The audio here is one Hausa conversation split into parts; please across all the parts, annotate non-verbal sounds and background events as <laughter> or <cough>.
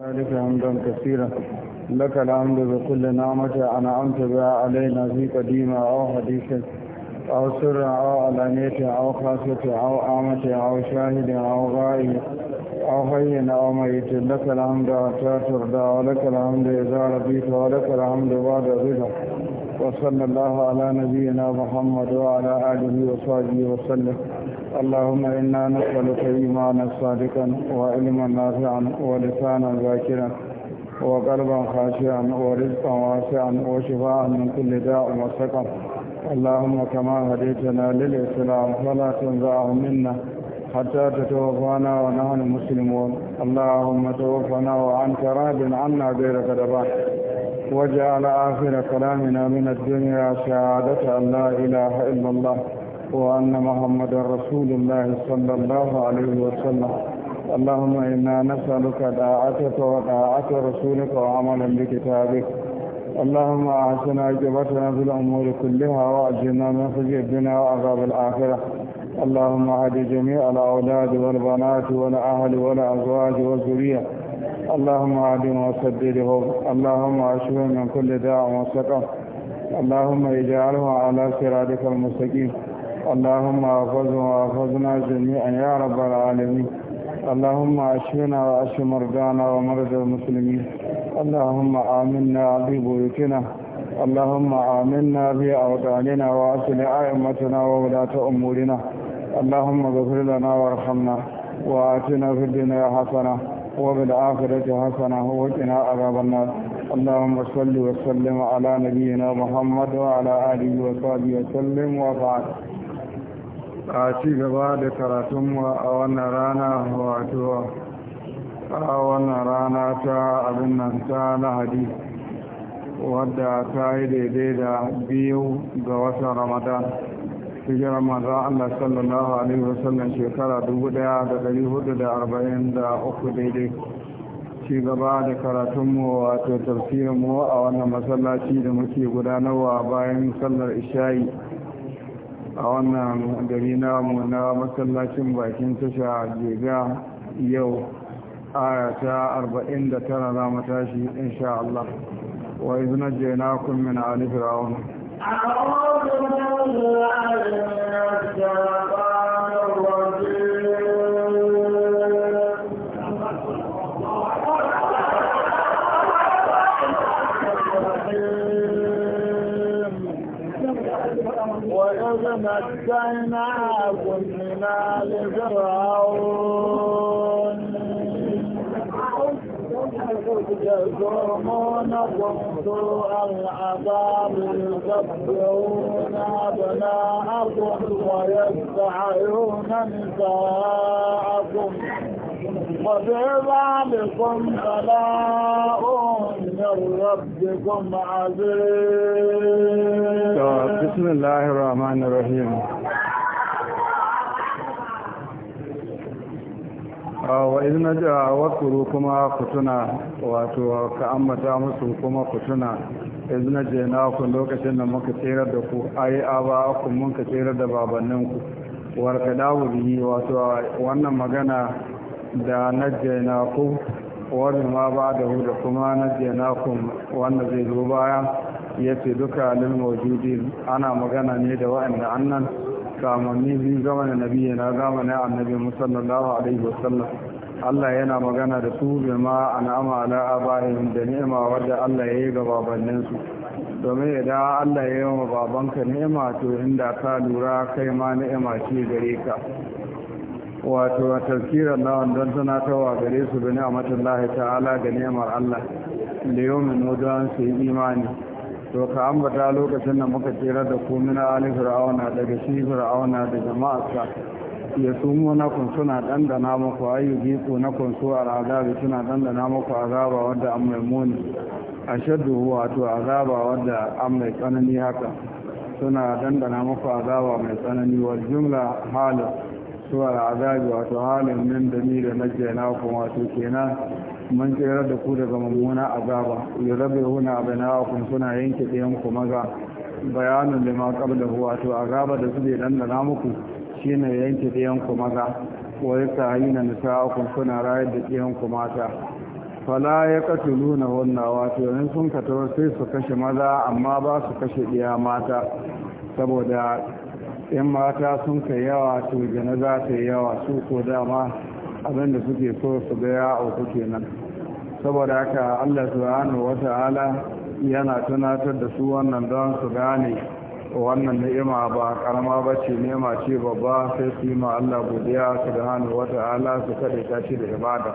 ذلك حمدا كثيرا لك الحمد بكل نعمة أنعمت بها علينا في قديمة أو حديثة أو سر أو علانية أو خاصة أو عامة أو شاهد أو غائب أو حي أو ميت لك الحمد حتى ترضى ولك الحمد إذا رضيت ولك الحمد بعد رضا وصلى الله على نبينا محمد وعلى آله وصحبه وسلم اللهم إنا نسألك إيمانا صادقا وعلما نافعا ولسانا ذاكرا وقلبا خاشعا ورزقا واسعا وشفاء من كل داء وسقم اللهم كما هديتنا للإسلام فلا تنزعه منا حتى تتوفانا ونحن مسلمون اللهم توفنا وعنك راض عنا غير غضبان واجعل آخر كلامنا من الدنيا شهادة أن لا إله إلا الله وأن محمد رسول الله صلى الله عليه وسلم اللهم إنا نسألك داعتك وداعة رسولك وعملا بكتابك اللهم أحسن عجبتنا في الأمور كلها وأجلنا من خزي الدنيا وعذاب الآخرة اللهم أهد جميع الأولاد والبنات والأهل والأزواج والذرية اللهم أهدهم وسددهم اللهم أشفهم من كل داع وسقم اللهم اجعله على صراطك المستقيم اللهم احفظنا واحفظنا جميعا يا رب العالمين اللهم اشفنا واشف مرضانا ومرضى المسلمين اللهم امنا في بيوتنا اللهم امنا في اوطاننا واصل ائمتنا وولاة امورنا اللهم اغفر لنا وارحمنا واتنا في الدنيا حسنه وفي الآخرة حسنة وقنا عذاب النار اللهم صل وسلم على نبينا محمد وعلى آله وصحبه وسلم وبعد a ci gaba da karatunmu a wannan rana wato a wannan rana ta abin nan ta lahadi wadda ta yi daidai da biyu ga watan ramadan hijirar ramadan allah sallallahu alaihi wasallam shekara 1443 daidai ci gaba da karatunmu wato tafsirinmu a wannan masallaci da muke gudanarwa bayan sallar isha'i a wannan gari namu na masallacin bakin tasha jega yau aya ta 49 za mu tashi insha Allah wa izna jainakum min ali fir'aun a'udhu billahi minash shaitanir ونجيناكم من آل فرعون يزومونكم سوء العذاب يذبحون أبناءكم ويستحيون نساءكم وفي ذلكم بلاء من ربكم عزيز طيب، بسم الله الرحمن الرحيم wa izina da wakuru kuma ku tuna wato ka ammata musu kuma ku tuna na je na ku lokacin da muka tsere da ku ai ba ku mun ka tsere da babannin ku warka dawo bihi wato wannan magana da najje na ku wani ma ba da hu da kuma najje na ku wanda zai zo baya yace duka lil mawjudin ana magana ne da wa'anda annan kamanni biyu gama na nabiya na gama na annabi musallallahu alaihi wasallam Allah yana magana da su bi ma an'ama ala abahin da ni'ima wadda Allah ya yi ga babanninsu domin idan Allah ya yi wa babanka ni'ima to inda ka lura kai ma ni'ima ce gare ka wato tazkirar lawan don wa gare su bi ni'amatullahi ta'ala ga ni'imar Allah da yau mai nodon su yi imani to ka ambata lokacin da muka tsira da komina ali fir'auna daga shi fir'auna da jama'arsa ya sumo na kun suna dandana muku ayyuki ko na kun so al'azabi suna dandana muku azaba wadda an mai muni ashaddu wato azaba wadda an mai tsanani haka suna dandana muku azaba mai tsanani wal jumla halin suwar azabi wato halin min da ni da najiya na kuma wato kenan mun tsirar da ku daga mummuna azaba ya rabe huna abinawakun suna yanke ɗayan ku maza bayanin da ma kabla wato azaba da su bai ɗanɗana muku shine yanke ɗayan ku maza wa ya sahi na nisa'akun suna rayar da ɗayan ku mata fala ya katulu na wannan wato sai su kashe maza amma basu kashe ɗaya mata saboda 'yan mata sun kai yawa to jana za ta yi yawa su ko dama abinda suke so su gaya a auku kenan saboda haka Allah subhanahu wata'ala yana tunatar da su wannan don su gane wannan ni'ima ba karama ba ce nema ce babba sai su yi ma Allah godiya wata ala su kada ta ce da ibada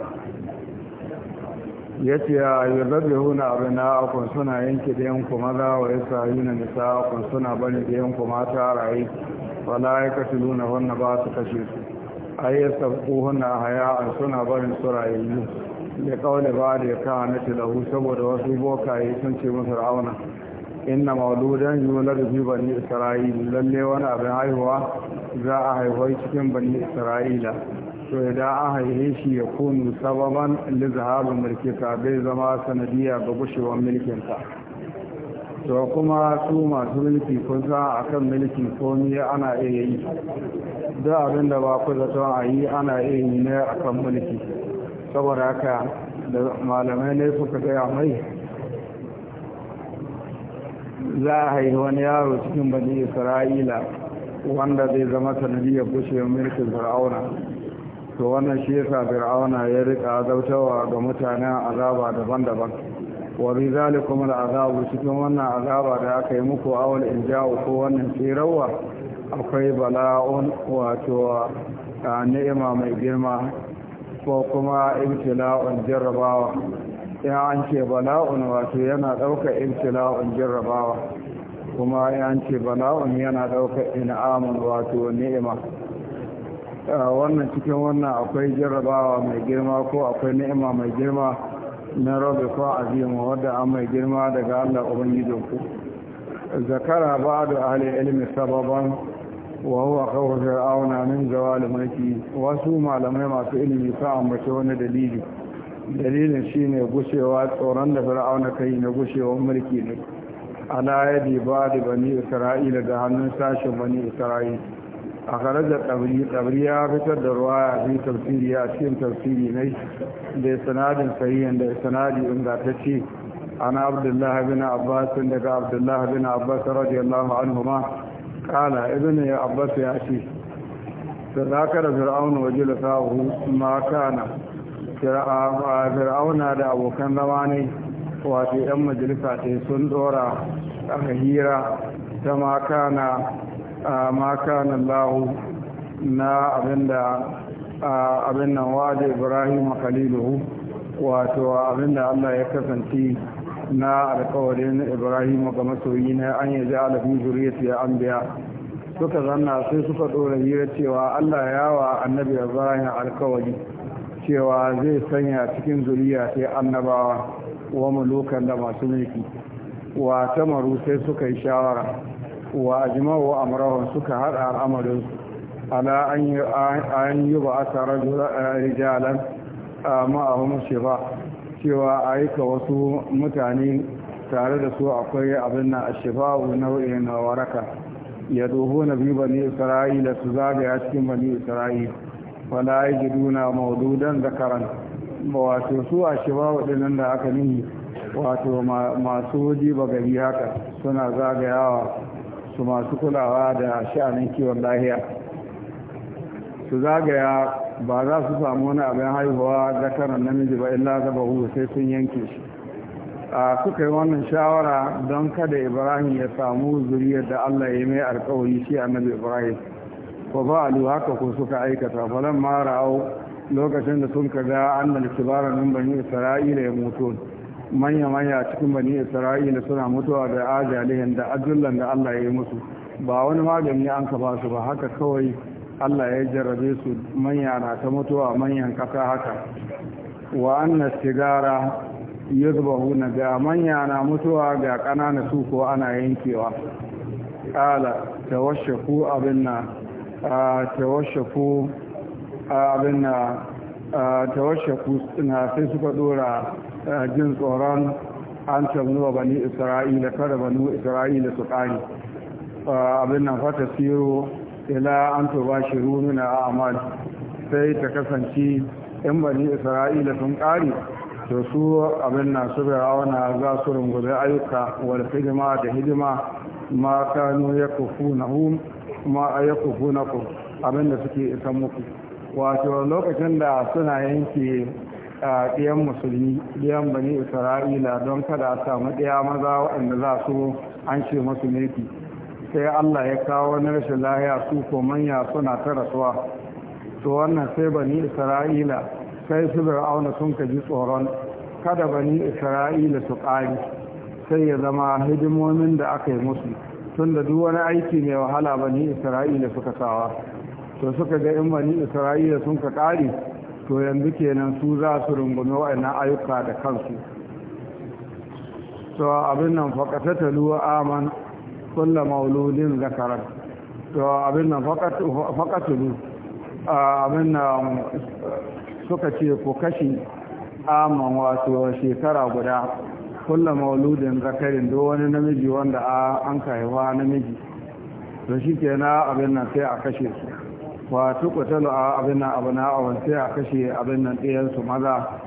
Ya yace ya na abna'akum suna yanke da yanku maza wa nisa nisa'akum suna bane da yanku mata rayi wala yakatuluna wannan ba su kashe su ayyasa haya haya'an suna barin surayi da kawai ba da ya kawo na tilahu saboda wasu bokaye sun ce musu ra'auna inna mauludan yular rufi bani isra'ila lalle wani abin haihuwa za a haihuwa cikin bani isra'ila to idan an haihe shi ya kunu sababan lizahabin mulkika bai zama sanadiyya ga gushewar mulkinta to kuma su masu mulki kun a akan mulki komi ana iya yi da abin da ba ku zaton a yi ana iya yi ne a kan mulki saboda haka da malamai ne suka gaya mai za a haihi wani yaro cikin bani isra'ila wanda zai zama ya bushe mulkin fir'auna to wannan shi yasa fir'auna ya rika azabtawa ga mutanen azaba daban-daban wa bi zalikum azabu cikin wannan azaba da aka yi muku awal inja'u ko wannan tsirawa akwai bala'un wato ni'ima mai girma ko kuma ibtila'un jarrabawa ya an ce bala'un wato yana ɗauka ibtila'un jarrabawa kuma ya an ce bala'un yana ɗauka in'amun wato ni'ima wannan cikin wannan akwai jarrabawa mai girma ko akwai ni'ima mai girma na rabu ko azimu wadda an mai girma daga allah ubangijinku zakara ba da ahalin ilimin sababan wa huwa kawo fir'auna min zawal mulki wasu malamai masu ilimi sa ambace wani dalili dalilin shine gushewa tsoron da fir'auna kai na gushewar mulki ne ala yadi ba bani isra'ila da hannun sashin bani isra'ila a karajar ɗabri ya fitar da ruwa a fi tafsiri a cikin tafsiri ne da sanadin sahihan da sanadi ingantacce ana abdullahi bin abbas daga abdullahi bin abbas radiyallahu anhu ma kala ibn abbas ya ce sadakar fir'auna wa jilisahu ma kana fir'auna da abokan zama ne wato yan majalisa ce sun dora aka hira ta ma kana ma kana lahu na abinda abin nan wa da ibrahim khalilu wato abinda allah ya kasance na alkawarin ibrahim ga masoyi na an yi ji alafin zuriyarsu ya an biya suka zanna sai suka ɗora hira cewa allah ya wa annabi ibrahim alkawari cewa zai sanya cikin zuriya sai annabawa wa mulukan da masu mulki wa tamaru sai suka yi shawara wa ajma'u amrahum suka hada al'amarinsu ala an yi ba a tare rijalan ma'ahum ba. cewa a aika wasu mutane tare da su akwai abin na ashifa'u nau'in waraka ya doho na biyu bani isra'ila su zagaya cikin bani isra'ila wanda ya ji na maududan zakaran wato su ashifa'u nan da aka nini wato masu ba gari haka suna zagayawa su masu kulawa da sha'anin kiwon lahiya su zagaya ba za su samu wani abin haihuwa zakaran namiji ba illa zaba hu sai sun yanke shi a suka yi wannan shawara don kada ibrahim ya samu zuriyar da allah ya mai alkawari shi annabi ibrahim ko ba alu haka ko suka aikata Falon mara ra'au lokacin da sun kaga da kibara nan bani isra'ila ya mutu manya manya cikin bani isra'ila suna mutuwa da ajalihin da ajullan da allah ya yi musu ba wani magani an ka ba su ba haka kawai Allah ya jarrabe su manya na ta mutuwa manyan ƙasa haka wa annas sigara yuzbahu na ga manya na mutuwa ga kanana su ko ana yankewa qala tawashafu abinna na tawashafu abin na tawashafu na sai suka dora jin tsoron an tamnuwa bani isra'ila kada bani isra'ila su ƙari abin nan fata ila an toba shi rununa a amal sai ta kasance 'yan bani isra'ila sun kare? to su abin na su fir'auna za su runguza ayyuka wal hidima da hidima ma kanu ya hum ma ya kufu na ku abin da suke isan muku wato lokacin da suna yanke ɗiyan musulmi ɗiyan bani isra'ila don kada a samu ɗiya maza waɗanda za su an ce musu neki sai Allah ya kawo wani rashin lahiya su ko manya suna ta rasuwa to wannan sai bani isra'ila sai su auna sun ka ji tsoron kada bani isra'ila su ƙari sai ya zama hidimomin da aka yi musu tun da duk wani aiki mai wahala bani isra'ila suka sawa to suka ga in bani isra'ila sun ka ƙari to yanzu kenan su za su rungumi waɗannan ayyuka da kansu to abin nan faƙatatalu aman kulla mauludin zakarar to abin nan faƙatulu abin nan suka ce ku kashi aman wato shekara guda kulla mauludin zakarin do wani namiji wanda an kaiwa namiji to shi ke na abin nan sai a kashe su wa tukutalu a abin nan abu na awon sai a kashe abin nan ɗayansu maza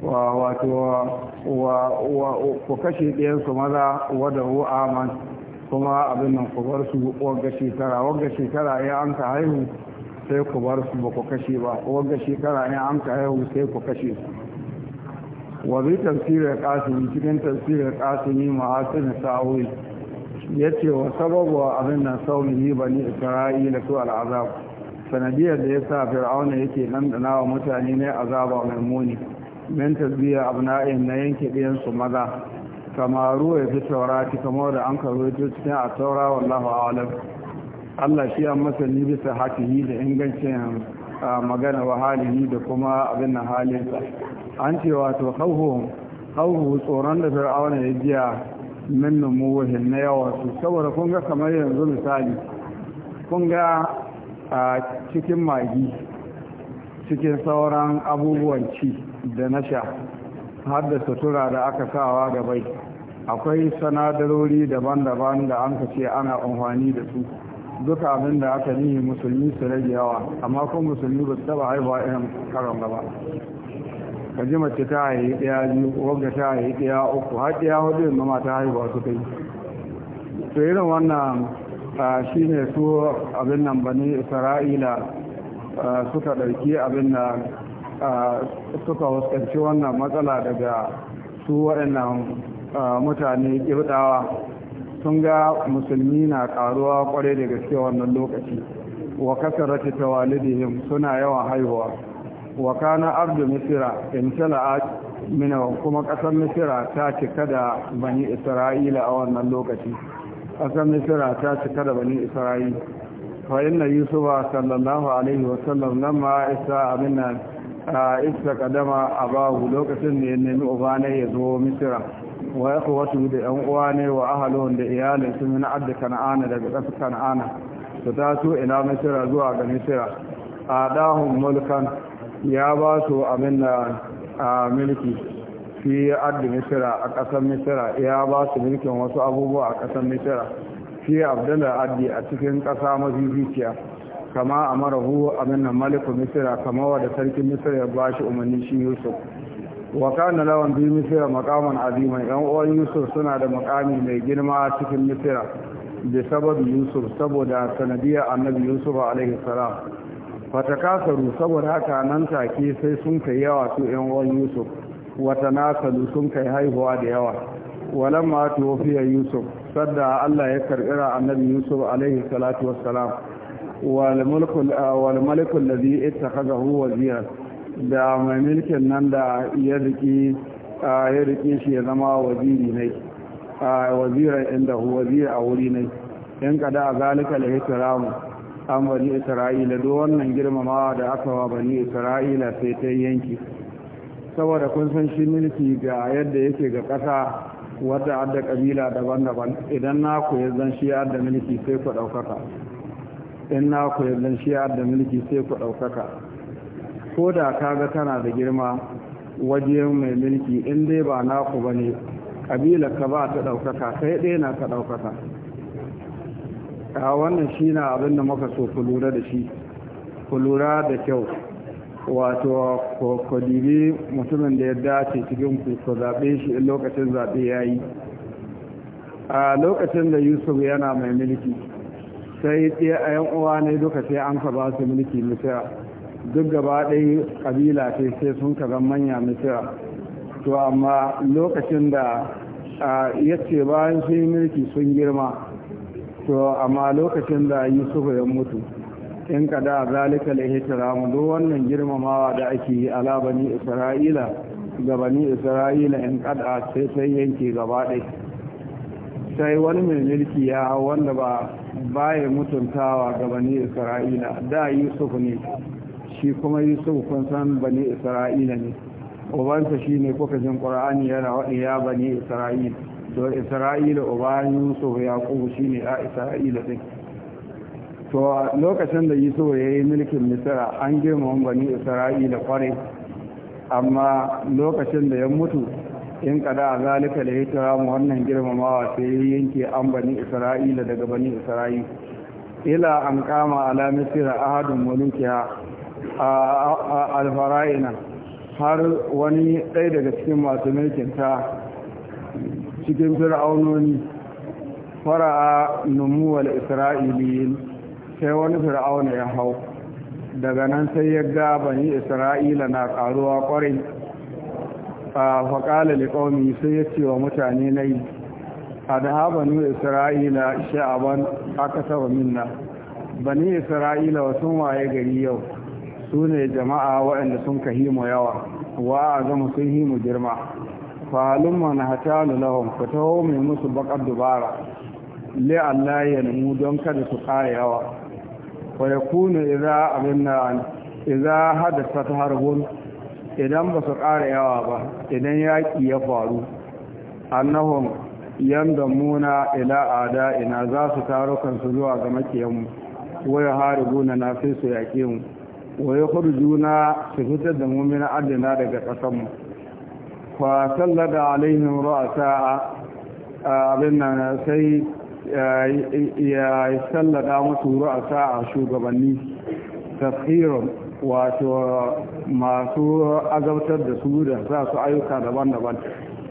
wato wa ku kashe ɗayansu maza wadda hu aman kuma abin nan ku bar su wagga shekara wagga shekara ya an ka haihu sai ku bar su ba ku kashe ba wagga shekara ya an ka haihu sai ku kashe su wa bi tafsirar kasimi cikin tafsirar kasimi ma'asin sa'o'i ya ce wa sababu abin nan saunihi bani isra'ila su al'azab sanadiyar da ya sa fir'auna yake nan da nawa mutane ne azaba mai muni min tasbiya abna'in na yanke ɗiyansu maza kamaru ya fi taurati kamar da an ya cikin a taura wallahu a'lam Allah shi ya masani bisa hakihi da ingancin magana wa halihi da kuma abin na halinsa an ce wato hauhu hauhu tsoron da fir'auna ya jiya min numuhin na yawa su saboda kun ga kamar yanzu misali kun ga cikin magi cikin sauran abubuwan ci da na sha har da sutura da aka sawa gabai akwai sanadarori daban-daban da an ce ana amfani da su duka abin da aka nihi musulmi su rage yawa amma kuma musulmi ba su taba haihuwa irin karon gaba ka ji mace ta haihi ɗaya biyu wanda ta haihi ɗaya uku har ɗaya hudu yin mama ta haihuwa su kai to irin wannan shi ne su abin nan bani isra'ila suka ɗauki abin da suka fuskanci wannan matsala daga su waɗannan mutane kirdawa sun ga musulmi na karuwa kwarai da gaske wannan lokaci wa kasarati tawalidihim suna yawan haihuwa wa kana abdu misira imtala'at min kuma kasar misira ta cika da bani isra'ila a wannan lokaci kasar misira ta cika da bani isra'ila fa inna yusufa sallallahu alaihi wa sallam lamma isa amina isa kadama bahu lokacin da ya nemi ubana ya zo misira wa ikhwatu da yan uwa ne wa ahalun da iyalin su na adda kan'ana daga ƙasa kana'ana su su ina misira zuwa ga misira A ɗahun mulkan ya ba su abin da milki fi adda misira a ƙasar misira ya ba su mulkin wasu abubuwa a ƙasar misira fi abdullah addi a cikin ƙasa mafi zuciya kama a amarahu abin da malikun misira kama wa da sarkin misira ya ba shi umarni shi yusuf wa kana lawan bi misira maqaman azima yan uwan yusuf suna da maqami mai girma cikin misira da sababi yusuf saboda sanadiyar annabi yusuf alaihi salam fatakasaru saboda haka nan take sai sun kai yawa su yan uwan yusuf wata nasalu sun kai haihuwa da yawa walamma tuwafiya yusuf sadda Allah ya karɓira annabi Yusuf alaihi salatu wassalam wal mulku wal malikul ladhi ittakhadahu wazira da mai mulkin nan da ya riki shi ya zama waziri ne waziran inda hu waziri a wuri ne in kada a zalika da hitiramu an bani isra'ila duk wannan girmamawa da aka wa bani isra'ila sai ta yanki saboda kun san shi milki ga yadda yake ga ƙasa wadda adda kabila daban-daban idan na ku zan shi adda milki sai ku ɗaukaka in na ku zan shi adda milki sai ku ɗaukaka ko da ga tana da girma wajen mai mulki in dai ba naku ba ne kabila ka ba ta ɗaukaka kai ɗaya na ka ɗaukaka a wannan shi na abin da muka so ku lura da shi ku lura da kyau wato ku dibi mutumin da ya dace cikin ku ku zaɓe shi in lokacin zaɓe ya yi a lokacin da yusuf yana mai mulki sai ɗaya a yan uwa ne duka sai an ka ba su mulki misira duk gaba ɗaya ƙabila ce sai sun ka zan manya misira to amma lokacin da ya ce bayan sun yi mulki sun girma to amma lokacin da yusufu ya mutu in ka da zalika la ramu, duk wannan girmamawa da ake yi ala isra'ila ga bani isra'ila in kada sai sai yanke gaba ɗai sai wani mai mulki ya wanda ba baya mutuntawa ga bani isra'ila da yusuf ne shi kuma yusuf kun san bani isra'ila ne ubansa shi ne kuka jin ƙura'ani yana waɗi ya bani isra'ila to isra'ila uban yusuf ya ƙubu shi ne a isra'ila ɗin to lokacin da yusuf ya yi mulkin misira an girmama bani isra'ila kwarai amma lokacin da ya mutu in kada a zalika da ya ramu wannan girmamawa sai ya yanke an bani isra'ila daga bani isra'ila ila an kama ala misira ahadun mulkiya a alfara'ina har wani ɗaya daga cikin masu mulkinta cikin fir'aunoni fara'a numuwal isra'iliyin sai wani fir'auna ya hau daga nan sai ya gaba bani isra'ila na ƙaruwa ƙwarai a faƙala liƙaumi sai ya ce wa mutane na yi a da haɓa ni isra'ila sha'aban aka saba minna bani isra'ila wasu waye gari yau su ne jama'a waɗanda sun ka himu yawa wa a zama sun himu girma falun mana hata lulahun ku taho mai musu bakar dubara le Allah ya nemu don kada su kare yawa wa ya kuna iza abin na iza hadasa ta harbun idan ba su kare yawa ba idan yaƙi ya faru 'yan yanda muna ila ada ina za su taro kansu zuwa ga makiyanmu waya haribuna na sai su yaƙe mu waye ya juna su fitar da mummina adana daga ƙasanmu fa sallada alaihim ra'sa abin nan sai ya sallada musu ra'asa a shugabanni tafhirun wato masu azabtar da su da sa su ayyuka daban-daban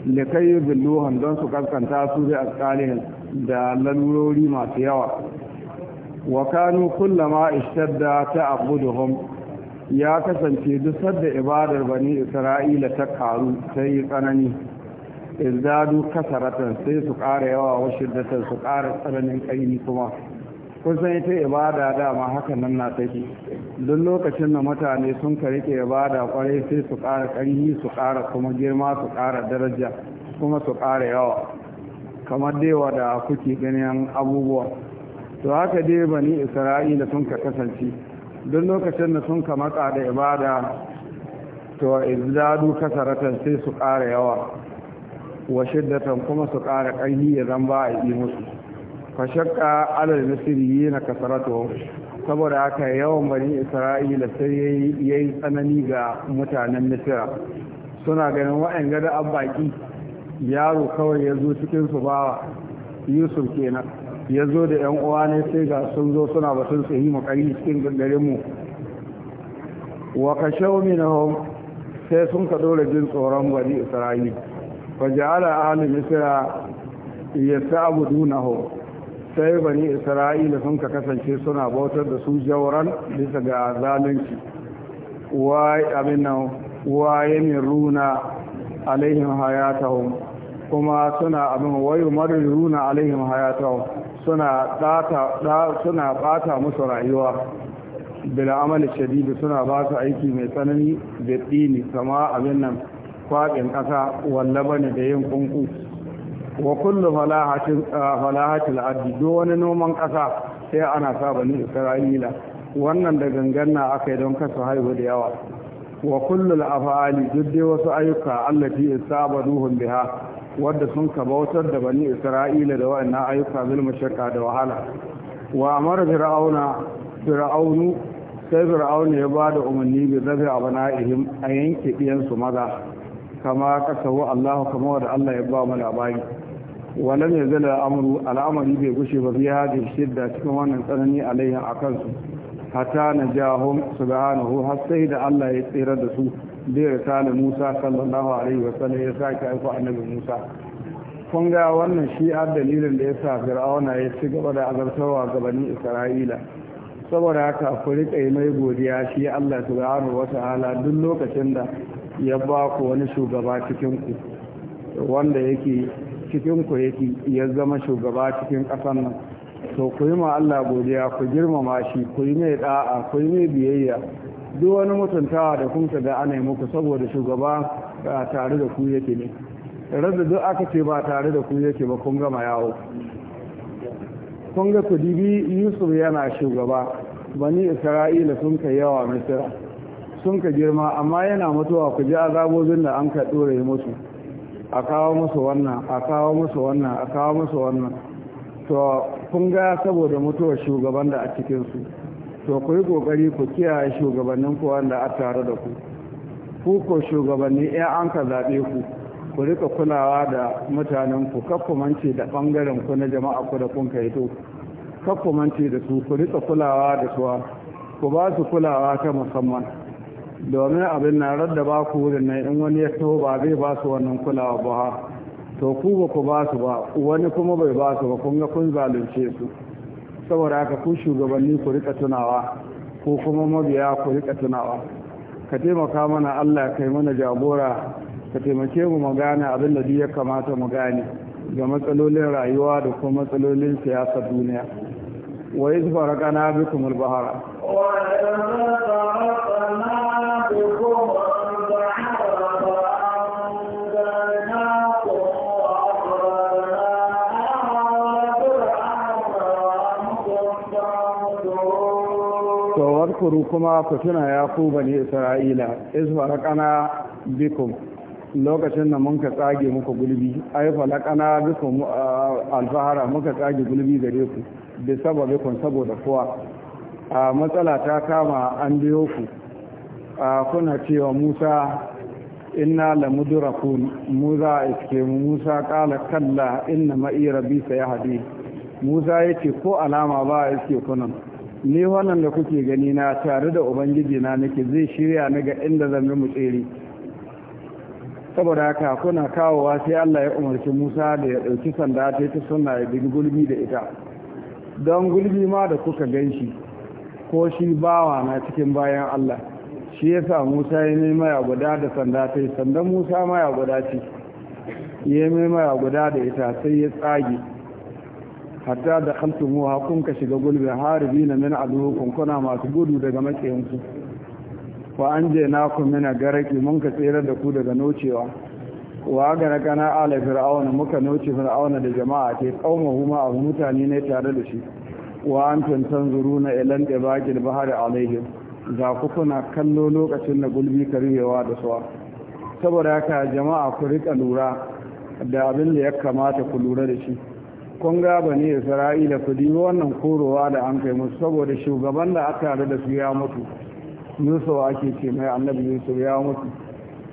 likai billuhan don su kaskanta su da alƙalihin da lalurori masu yawa wa kanu kullama ishtadda ta'abuduhum ya kasance dusar da ibadar bani isra'ila ta karu sai yi tsanani izdadu kasaratan sai su ƙara yawa wa shiddatan su ƙara tsananin kaini kuma kusan ita ibada dama haka nan na take duk lokacin da mutane sun ka rike ibada kwarai sai su ƙara kaini su ƙara kuma girma su ƙara daraja kuma su ƙara yawa kamar dai da kuke ganin abubuwa to haka dai bani isra'ila sun ka kasance Don lokacin da sun kamata da ibada to izdadu kasaratan sai su ƙara yawa wa shiddatan kuma su ƙara ƙarfi ya zan ba a yi musu fa shakka alal misriyi na kasaratu saboda haka yawan bani isra'ila sai yayi tsanani ga mutanen Misira. suna ganin wa'an gada abbaki yaro kawai ya zo cikin su bawa yusuf kenan ya zo da yan uwa ne sai ga sun zo suna batun tsayi kai cikin garin mu wa kashau minhum sai sun ka dole jin tsoron bani isra'ila fa ja'ala ahli misra yasta'budunahu sai bani isra'ila sun ka kasance suna bautar da su jawran bisa ga zalunci wa abin nan wa yamiruna alaihim hayatahum kuma suna abin wayo mariruna alaihim hayatahum suna ɓata musu rayuwa bila amali suna ba su aiki mai tsanani da tsini sama abin nan kwaɓin ƙasa walla ne da yin kunku wa kullu falahatil abdi duk wani noman ƙasa sai ana sa bani isra'ila wannan da gangan na aka yi don kasa haihu da yawa wa kullu af'ali duk dai wasu ayyuka allati duhun biha wadda sun kabautar da bani isra'ila da wa'annan ayyuka bil mashaqqa da wahala wa amara fir'auna fir'aunu sai fir'auna ya ba da umarni bi a bana'ihim a yanke diyan maza kama kasahu Allahu kama wanda Allah ya ba mu labari walam zala amru al'amari bai gushe ba fi hadin shidda cikin wannan tsanani alayhi akan su hatta su subhanahu har sai da Allah ya tsira da su da ya sani musa sallallahu alaihi sallam ya sake aiko annabi musa kun ga wannan shi a dalilin da ya sa fir'auna ya ci gaba da azartarwa gabanin isra'ila saboda haka ku riƙa mai godiya shi allah subhanahu wa ta'ala duk lokacin da ya ba ku wani shugaba cikin ku wanda yake cikin ku yake ya zama shugaba cikin ƙasar nan to ku yi ma allah godiya ku girmama shi ku yi mai da'a ku yi mai biyayya duk wani mutuntawa da kun da ana yi muku saboda shugaba ba tare da ku yake ne rada duk aka ce ba tare da ku yake ba kun gama yawo kun ga ku dibi yusuf yana shugaba bani isra'ila sun kai yawa misira sun ka girma amma yana mutuwa ku ji azabobin da an ka dore musu a kawo musu wannan a kawo musu wannan a kawo musu wannan to kun ga saboda mutuwar shugaban da a cikinsu to ku yi ƙoƙari ku kiyaye shugabannin ku wanda a tare da ku ku ko shugabanni ya an ka zaɓe ku ku rika kulawa da mutanen ku mance da ɓangaren ku na jama'a ku da kun ku mance da su ku rika kulawa da su ku ba su kulawa ta musamman domin abin na radda ba ku wurin nan in wani ya taho ba zai ba su wannan kulawa ba to ku ba ku ba su ba wani kuma bai ba su ba kun ga kun zalunce su saboda haka ku shugabanni ku rika tunawa ko kuma mabiya ku rika tunawa ka taimaka mana Allah kai mana jagora ka taimake mu mu gane abin da ya kamata mu gane ga matsalolin rayuwa da kuma matsalolin siyasar duniya wa iz faraqana bikum bahara wa wadkuru kuma ku tuna ya ku bani isra'ila izfarqana bikum lokacin da mun ka tsage muku gulbi ai falakana bikum alfahara ka tsage gulbi gare ku da sababe kun saboda kuwa. a matsala ta kama an biyo ku kuna cewa musa inna la mudrakun musa iske musa kala kalla inna ma'i rabbi sayahdi musa yace ko alama ba iske kunan ni wannan da kuke gani na tare da ubangiji na nake zai shirya ni ga inda zan bi mu tsere saboda haka kuna kawowa sai Allah ya umarci Musa da ya ɗauki sanda ta ta suna ya bigi gulbi da ita don gulbi ma da kuka ganshi, ko shi bawa na cikin bayan Allah shi yasa Musa ya nema ya guda da sanda ta sandan Musa ma ya guda ce ya nema ya guda da ita sai ya tsage hatta da ha kun ka shiga gulbin na min aduhukum kuna masu gudu daga makiyanku wa ku min garaki mun ka tsere da ku daga nocewa wa gana kana ala fir'auna muka noce fir'auna da jama'a ke kauma huma a mutane ne tare da shi wa antum tanzuruna ilan ibaqil bahari alaihim za ku kuna kallo lokacin da gulbi karewa da suwa saboda haka jama'a ku rika lura da abin da ya kamata ku lura da shi kun ga bani isra'ila ku yi wannan korowa da an kai musu saboda shugaban da aka da su ya mutu yusuf ake ce mai annabi yusuf ya mutu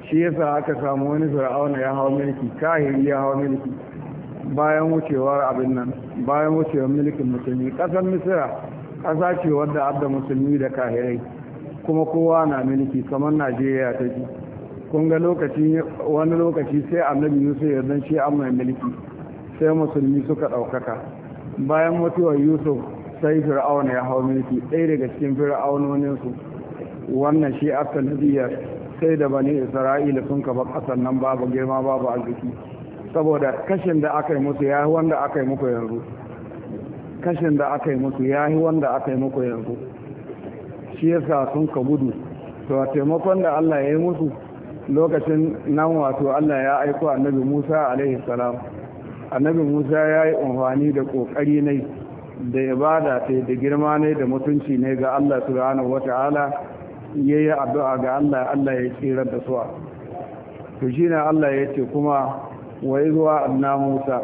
shi yasa aka samu wani fir'auna ya hawo mulki kahiri ya hawo mulki bayan wucewar abin nan bayan wucewar mulkin musulmi kasar misira ƙasa ce wadda abda musulmi da kahirai kuma kowa na mulki kamar najeriya ta ji kun ga lokaci wani lokaci sai annabi yusuf ya zan shi an mai mulki sai musulmi suka ɗaukaka bayan mutuwar yusuf sai fir'auna ya hau mulki ɗaya daga cikin fir'aunoninsu wannan shi asanadiyar sai da bani isra'ila sun kaba ƙasar nan babu girma babu arziki saboda kashin da aka yi musu ya yi wanda aka yi muku yanzu kashin da aka yi musu ya yi wanda aka yi muku yanzu shi yasa sun ka gudu to a taimakon da allah ya yi musu lokacin nan wato allah ya aiko annabi musa alaihi salam annabi musa ya yi amfani da ƙoƙari ne da ibada ta da girma ne da mutunci ne ga allah subhanahu wata'ala ya yi addu'a ga allah allah ya tsira da suwa to shi ne allah ya ce kuma wai yi zuwa anna musa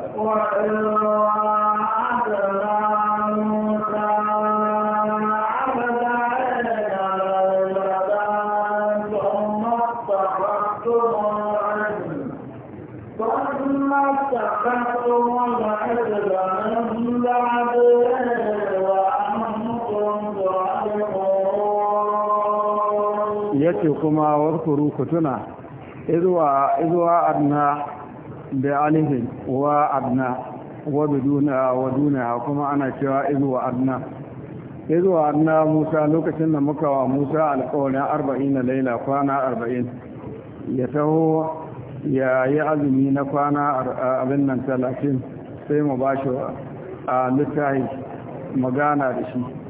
ce kuma warkuru ku tuna izuwa izuwa adna da alifin wa adna wa biduna wa duna kuma ana cewa izuwa adna izuwa adna musa lokacin da muka wa musa alƙawarin arba'in na laila kwana arba'in ya taho ya yi azumi na kwana abin nan talatin sai mu ba shi a littahi magana da shi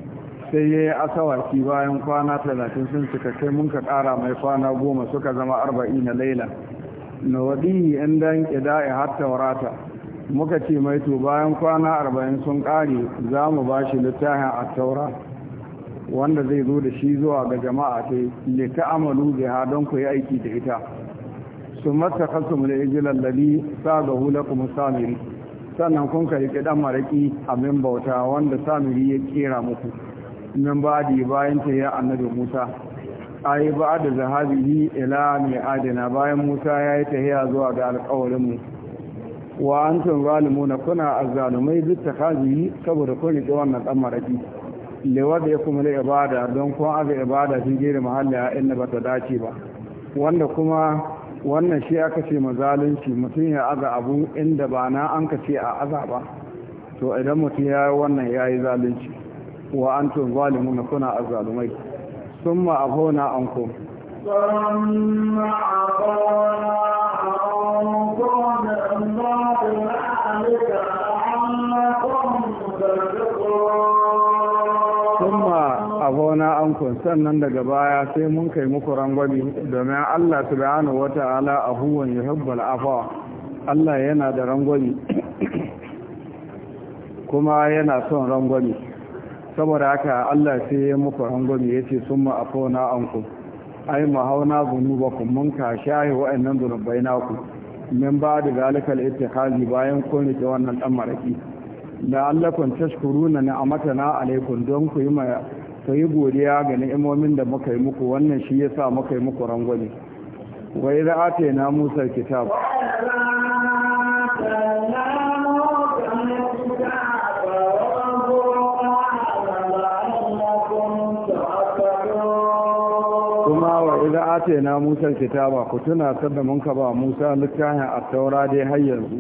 sai ya yi asawaki bayan kwana talatin sun suka kai mun ka ƙara mai kwana goma suka zama arba'i na laila na waɗi in dan ƙida'i har taurata muka ce mai to bayan kwana arba'in sun ƙare za mu ba shi littafin a taura wanda zai zo da shi zuwa ga jama'a ta yi ta amalu da don ku yi aiki da ita su mata kasu mu da ijilar lali sa ga hula kuma samiri sannan kun ka riƙe ɗan maraƙi abin bauta wanda samiri ya kera muku min yi bayan ta ya annabi Musa a ba da zahabihi ila mai adina bayan Musa ya yi tahiya zuwa ga alkawarin mu wa antum na kuna azzalumai bi takhazihi saboda kun riƙe wannan dan maraki lewada ya kuma ibada don kuma aga ibada sun gere mahalli a inda ba ta dace ba wanda kuma wannan shi aka ce mazalunci mutum ya aza abu inda ba na an ka ce a aza ba to idan mutum ya yi wannan ya yi zalunci wa antum zalimuna kuna azzalumai summa Sun ankum summa afawna ankum da abona an sannan daga baya sai mun kai muku rangwami domin Allah subhanahu wata'ala a huwan yuhibbul afa Allah yana da rangwami <coughs> kuma yana son rangwami saboda haka Allah sai ya muku rangwami ya ce sun ma'afona an ku ai mu hauna zunuba ku mun ka shahi wa'annan zunubai naku min ba da galikal ittikhali bayan kun rike wannan dan maraki da Allah kun tashkuruna ni'amatana alaikum don ku yi ma ku yi godiya ga ni'imomin da muka yi muku wannan shi sa muka yi muku rangwami wa idza atayna musa kitab wa ate na musa kitaba ku tuna sadda mun ka ba musa littafin a taura dai har yanzu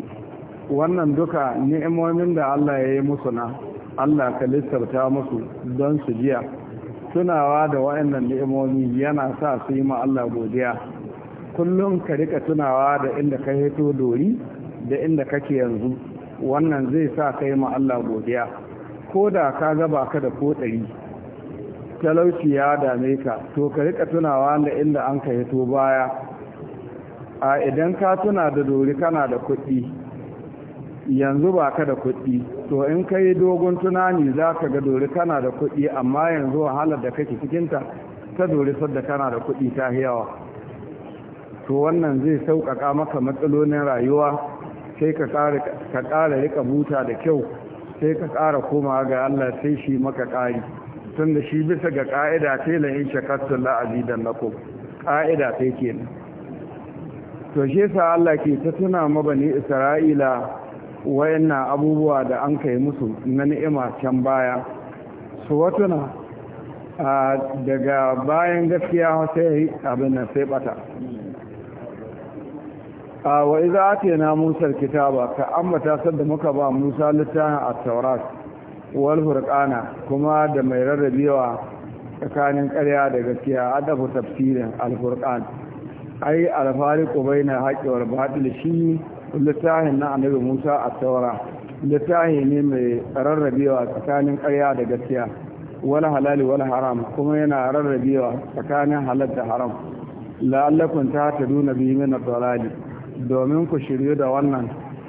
wannan duka ni'imomin da allah ya yi musu na allah ka lissafta musu don su jiya tunawa da wa'annan ni'imomi yana sa su yi ma allah godiya kullum ka rika tunawa da inda ka hito dori da inda kake yanzu wannan zai sa ka yi ma allah godiya ko da ka gaba ka da ko ɗari talauci ya dame ka to ka rika tunawa da inda an ka hito baya a idan ka tuna da dori kana da kuɗi yanzu ba ka da kuɗi to in ka yi dogon tunani za ka ga dori kana da kuɗi amma yanzu wahalar da kake cikinta ta dori sadda kana da kuɗi ta yawa to wannan zai sauƙaƙa maka matsalolin rayuwa sai ka ƙara rika buta da kyau sai ka ƙara komawa ga allah sai shi maka ƙari tun da shi bisa ga ƙa'ida ta yi in shakartun la'azi da na ku ƙa'ida ta kenan. to shi sa Allah ke ta tuna mabani isra'ila wayanna abubuwa da an kai musu na ni'ima can baya su watuna daga bayan gaskiya sai abin nan sai bata wa iza ake na musar kitaba ka ambata sadda muka ba musa littafin a taurasi wal kuma da mai rarrabewa tsakanin ƙarya da gaskiya adabu tafsirin alfurkan. ai al fariqu na haqqi batil shi littafin na annabi Musa a saura. littafi ne mai rarrabewa tsakanin ƙarya da gaskiya Wani halali wani haram kuma yana rarrabewa tsakanin halal da haram la'allakum tahtaduna bihi min ad-dalali domin ku shiryu da wannan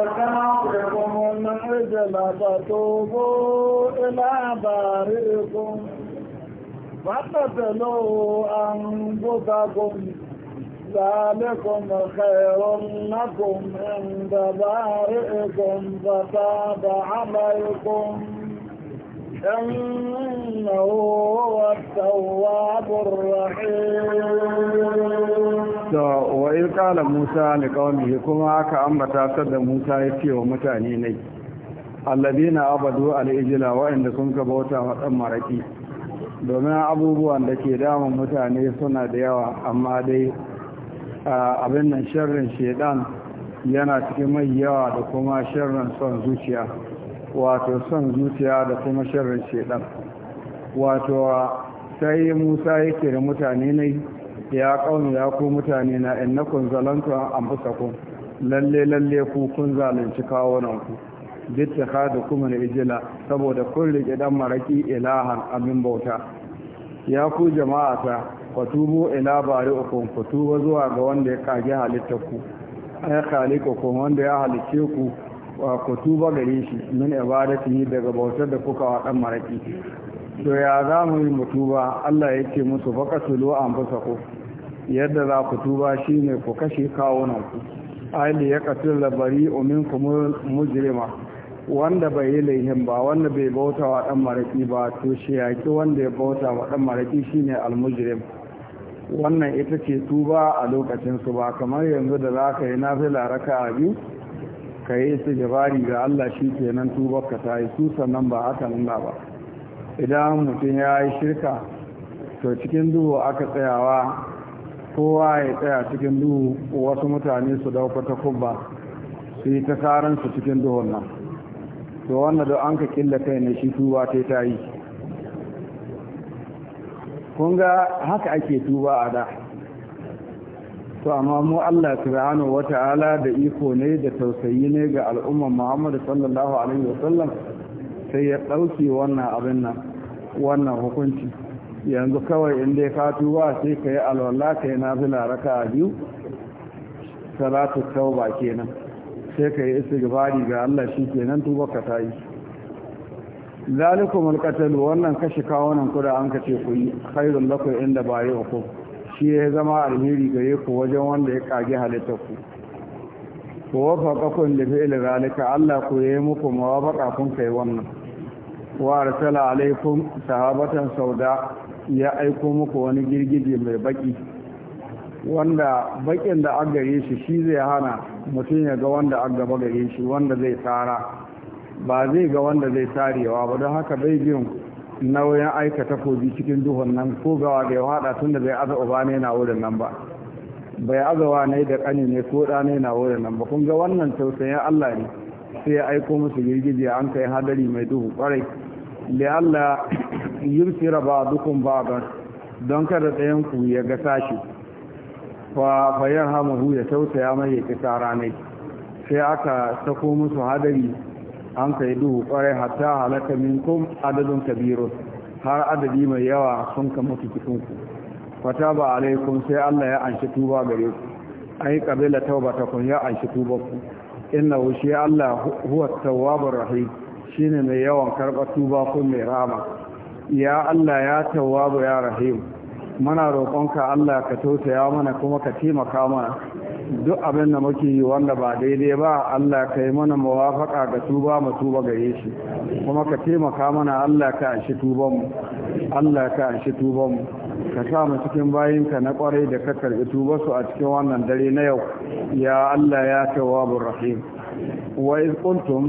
تنعقكم الرجل فتوبوا إلى بارئكم فقتلوا أنفسكم ذلكم خير لكم عند بارئكم فتاب عليكم إنه هو التواب الرحيم to wa in musa ni qaumihi kuma aka ambata sadda musa ya ce wa mutane ne alladina abadu al’ijila ijila wa inda sun ka bauta wa dan maraki domin abubuwan da ke damun mutane suna da yawa amma dai abin nan sharrin shedan yana cikin mai yawa da kuma sharrin son zuciya wato son zuciya da kuma sharrin shedan wato sai musa yake da mutane ne ya ƙauni ya ku mutane na innakun zalantu an ku lalle lalle ku kun zalunci kawunan ku bitta ka da kuma na ijila saboda kun rike dan maraki ilaha abin bauta ya ku jama'a ta fatubu ila bari ku tuba zuwa ga wanda ya kage halittar ku ay ku wanda ya halice ku wa tuba gare shi min ibadatihi daga bautar da kuka wa dan maraki to ya za mu yi mutuba Allah ya ce musu faqatulu anfusakum yadda za ku tuba shi ne ku kashe kawunanku aili ya katil da bari umin kuma mujrima wanda bai yi laihin ba wanda bai bauta wa dan maraki ba to shi yaki wanda ya bauta wa dan maraki ne almujrim wannan ita ce tuba a lokacin su ba kamar yanzu da za ka yi fi laraka a biyu ka yi su jabari ga Allah shi ke nan tubar ka ta yi su sannan ba haka nuna ba idan mutum ya yi shirka to cikin duhu aka tsayawa kowa ya tsaya cikin duhu wasu mutane su dauka ta kubba su yi ta karansu su cikin duhun nan to wannan da an ka killa kai ne shi tuba ta ta yi kun ga haka ake tuba a da to amma mu Allah subhanahu wata'ala da iko ne da tausayi ne ga al'ummar Muhammad sallallahu alaihi wasallam sai ya dauki wannan abin nan wannan hukunci yanzu kawai in dai ka tuba sai ka yi alwala ka yi nazila raka a biyu salatu tauba kenan sai ka yi istighfari ga Allah shi kenan tuba ka ta yi zalikumul qatl wannan kashi kawunan ku da an ka ku yi khairul lakum inda bayi uku shi ya zama alheri gare ku wajen wanda ya kage halittar ku ku da zalika Allah ku yi muku mawafaka kun kai wannan wa arsala alaikum sahabatan sauda ya aiko muku wani girgije mai baki wanda bakin da an gare shi shi zai hana mutum ya ga wanda an gaba gare shi wanda zai tsara ba zai ga wanda zai tsarewa ba don haka bai jin nauyin aika bi cikin duhun nan ko gawa da ya hada tun da bai aza uba ne na wurin nan ba bai azawa ne da kani ne ko da ne na wurin nan ba kun ga wannan tausayin Allah ne sai ya aiko musu girgije an kai hadari mai duhu kwarai li'alla yusira ba'dukum babar. don kada ɗayan ku ya ga sashi fa fayarhamuhu ya tausaya mai ya kisa ranai sai aka sako musu hadari an kai duhu kwarai hatta halaka minkum adadin Kabiru, har adadi mai yawa sun ka mutu cikin ku fata ba alaikum sai Allah ya anshi tuba gare ku ai kabila taubata kun ya anshi tuba ku inna shi Allah huwa tawwabur rahim shine mai yawan karɓa tuba ko mai rama ya Allah ya tawwabu ya rahim muna roƙonka Allah ka tausaya mana kuma ka taimaka mana duk abin da muke yi wanda ba daidai ba Allah ka yi mana mawafaka ga tuba mu tuba gare shi kuma ka taimaka mana Allah ka anshi tuban mu Allah ka anshi tuban mu ka sa mu cikin bayinka na kwarai da ka karbi tuba su a cikin wannan dare na yau ya Allah ya tawwabur rahim wa iz kuntum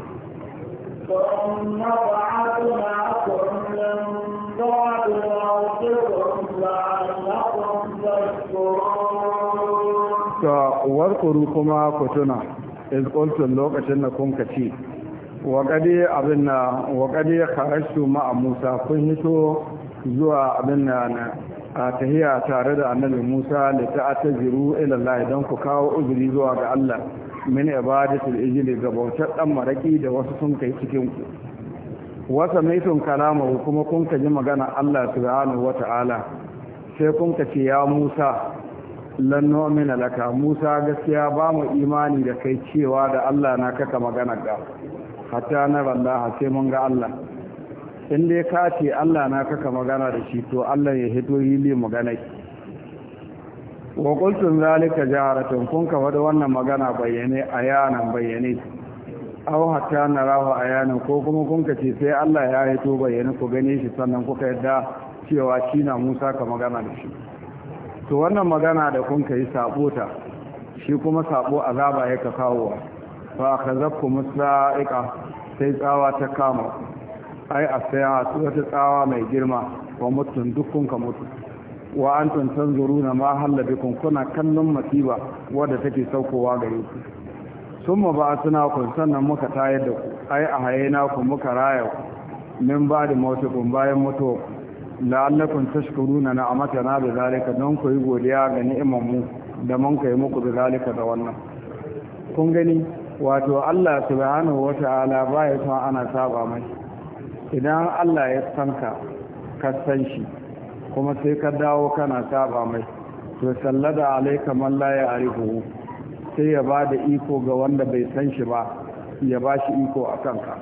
wadkuru kuma ku tuna iz lokacin da kun ka ce wa abin na wa qadi ma'a Musa kun hito zuwa abin na a tahiya tare da annabi Musa da ta'taziru ila Allah don ku kawo uzuri zuwa ga Allah min ibadatul ijli ga bautar dan maraki da wasu sun kai cikin ku wasa maitun kalama kuma kun ka ji magana Allah subhanahu wata'ala sai kun ka ce ya Musa lan nomina laka musa gaskiya ba mu imani da kai cewa da allah na kaka magana ga hatta na rallaha sai mun ga allah in dai ka ce allah na kaka magana da shi to allah ya hito hili magana wa kultun zalika jaharatun kun ka faɗi wannan magana bayyane a yanan bayyane aw hatta narahu ayanan ko kuma kun ka ce sai allah ya hito bayyane ku gane shi sannan kuka yadda cewa shi na musa ka magana da shi to wannan magana da kun kai sabo ta shi kuma sabo azaba yake kawowa fa kazakku musa'iqa sai tsawa ta kama ai asaya wata tsawa mai girma wa mutun dukkan ka mutu wa antum tanzuruna ma halla bikum kuna kallon masiba wadda take saukowa gare ku summa ba suna kun sannan muka tayar da ku ai a hayena ku muka raya min ba da mautukun bayan mutu la'allakum tashkuruna na bi zalika don ku yi godiya ga ni'imar mu da mun kai muku bi zalika da wannan kun gani wato Allah subhanahu wata'ala ba ya ana saba mai idan Allah ya san ka ka san shi kuma sai ka dawo kana saba mai to sallada alaika man la ya'rifu sai ya ba da iko ga wanda bai san shi ba ya ba shi iko a kanka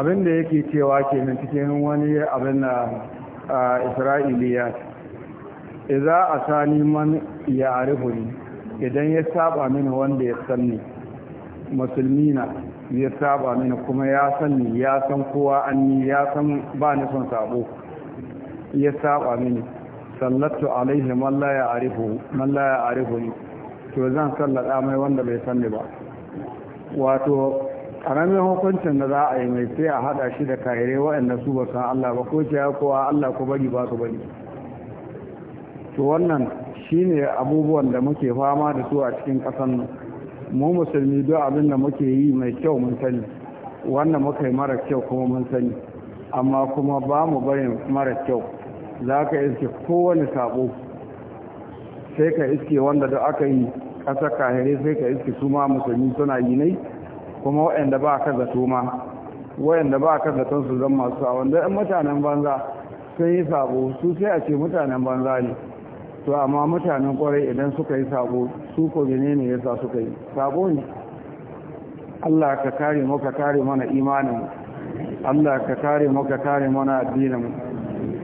abin da yake cewa ke nan cikin wani abin na isra'iliya a sani man ya ne, idan ya saba mini wanda ya sanni musulmi na ya saba mini kuma ya sanni ya san kowa anni ya san ba ni son sabo ya saba mini sallatu alaihi man la ya arifu to zan sallada mai wanda bai sanni ba wato karamin hukuncin da za a yi mai sai a haɗa shi da kayare waɗanda su ba san Allah ba ko ya kowa Allah ku bari ba ku bari to wannan shi ne abubuwan da muke fama da su a cikin ƙasan mu musulmi duk abin da muke yi mai kyau mun sani wanda muka yi mara kyau kuma mun sani amma kuma ba mu barin mara kyau za ka iske kowane sabo sai ka iske wanda da aka yi ƙasa kahere sai ka iske su ma musulmi suna yi ne kuma waɗanda ba ka zato ma waɗanda ba ka zaton su zan masu a wanda ɗan mutanen banza sun yi sabo su sai a ce mutanen banza ne to amma mutanen kwarai idan suka yi sabo su ko ne ne yasa suka yi sabo ne Allah ka kare mu ka kare mana imanin Allah ka kare mu ka kare mana addinin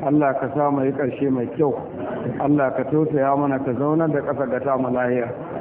Allah ka sa yi ƙarshe mai kyau Allah ka tausaya mana ka zaunar da ƙasa ga ta mu lahiya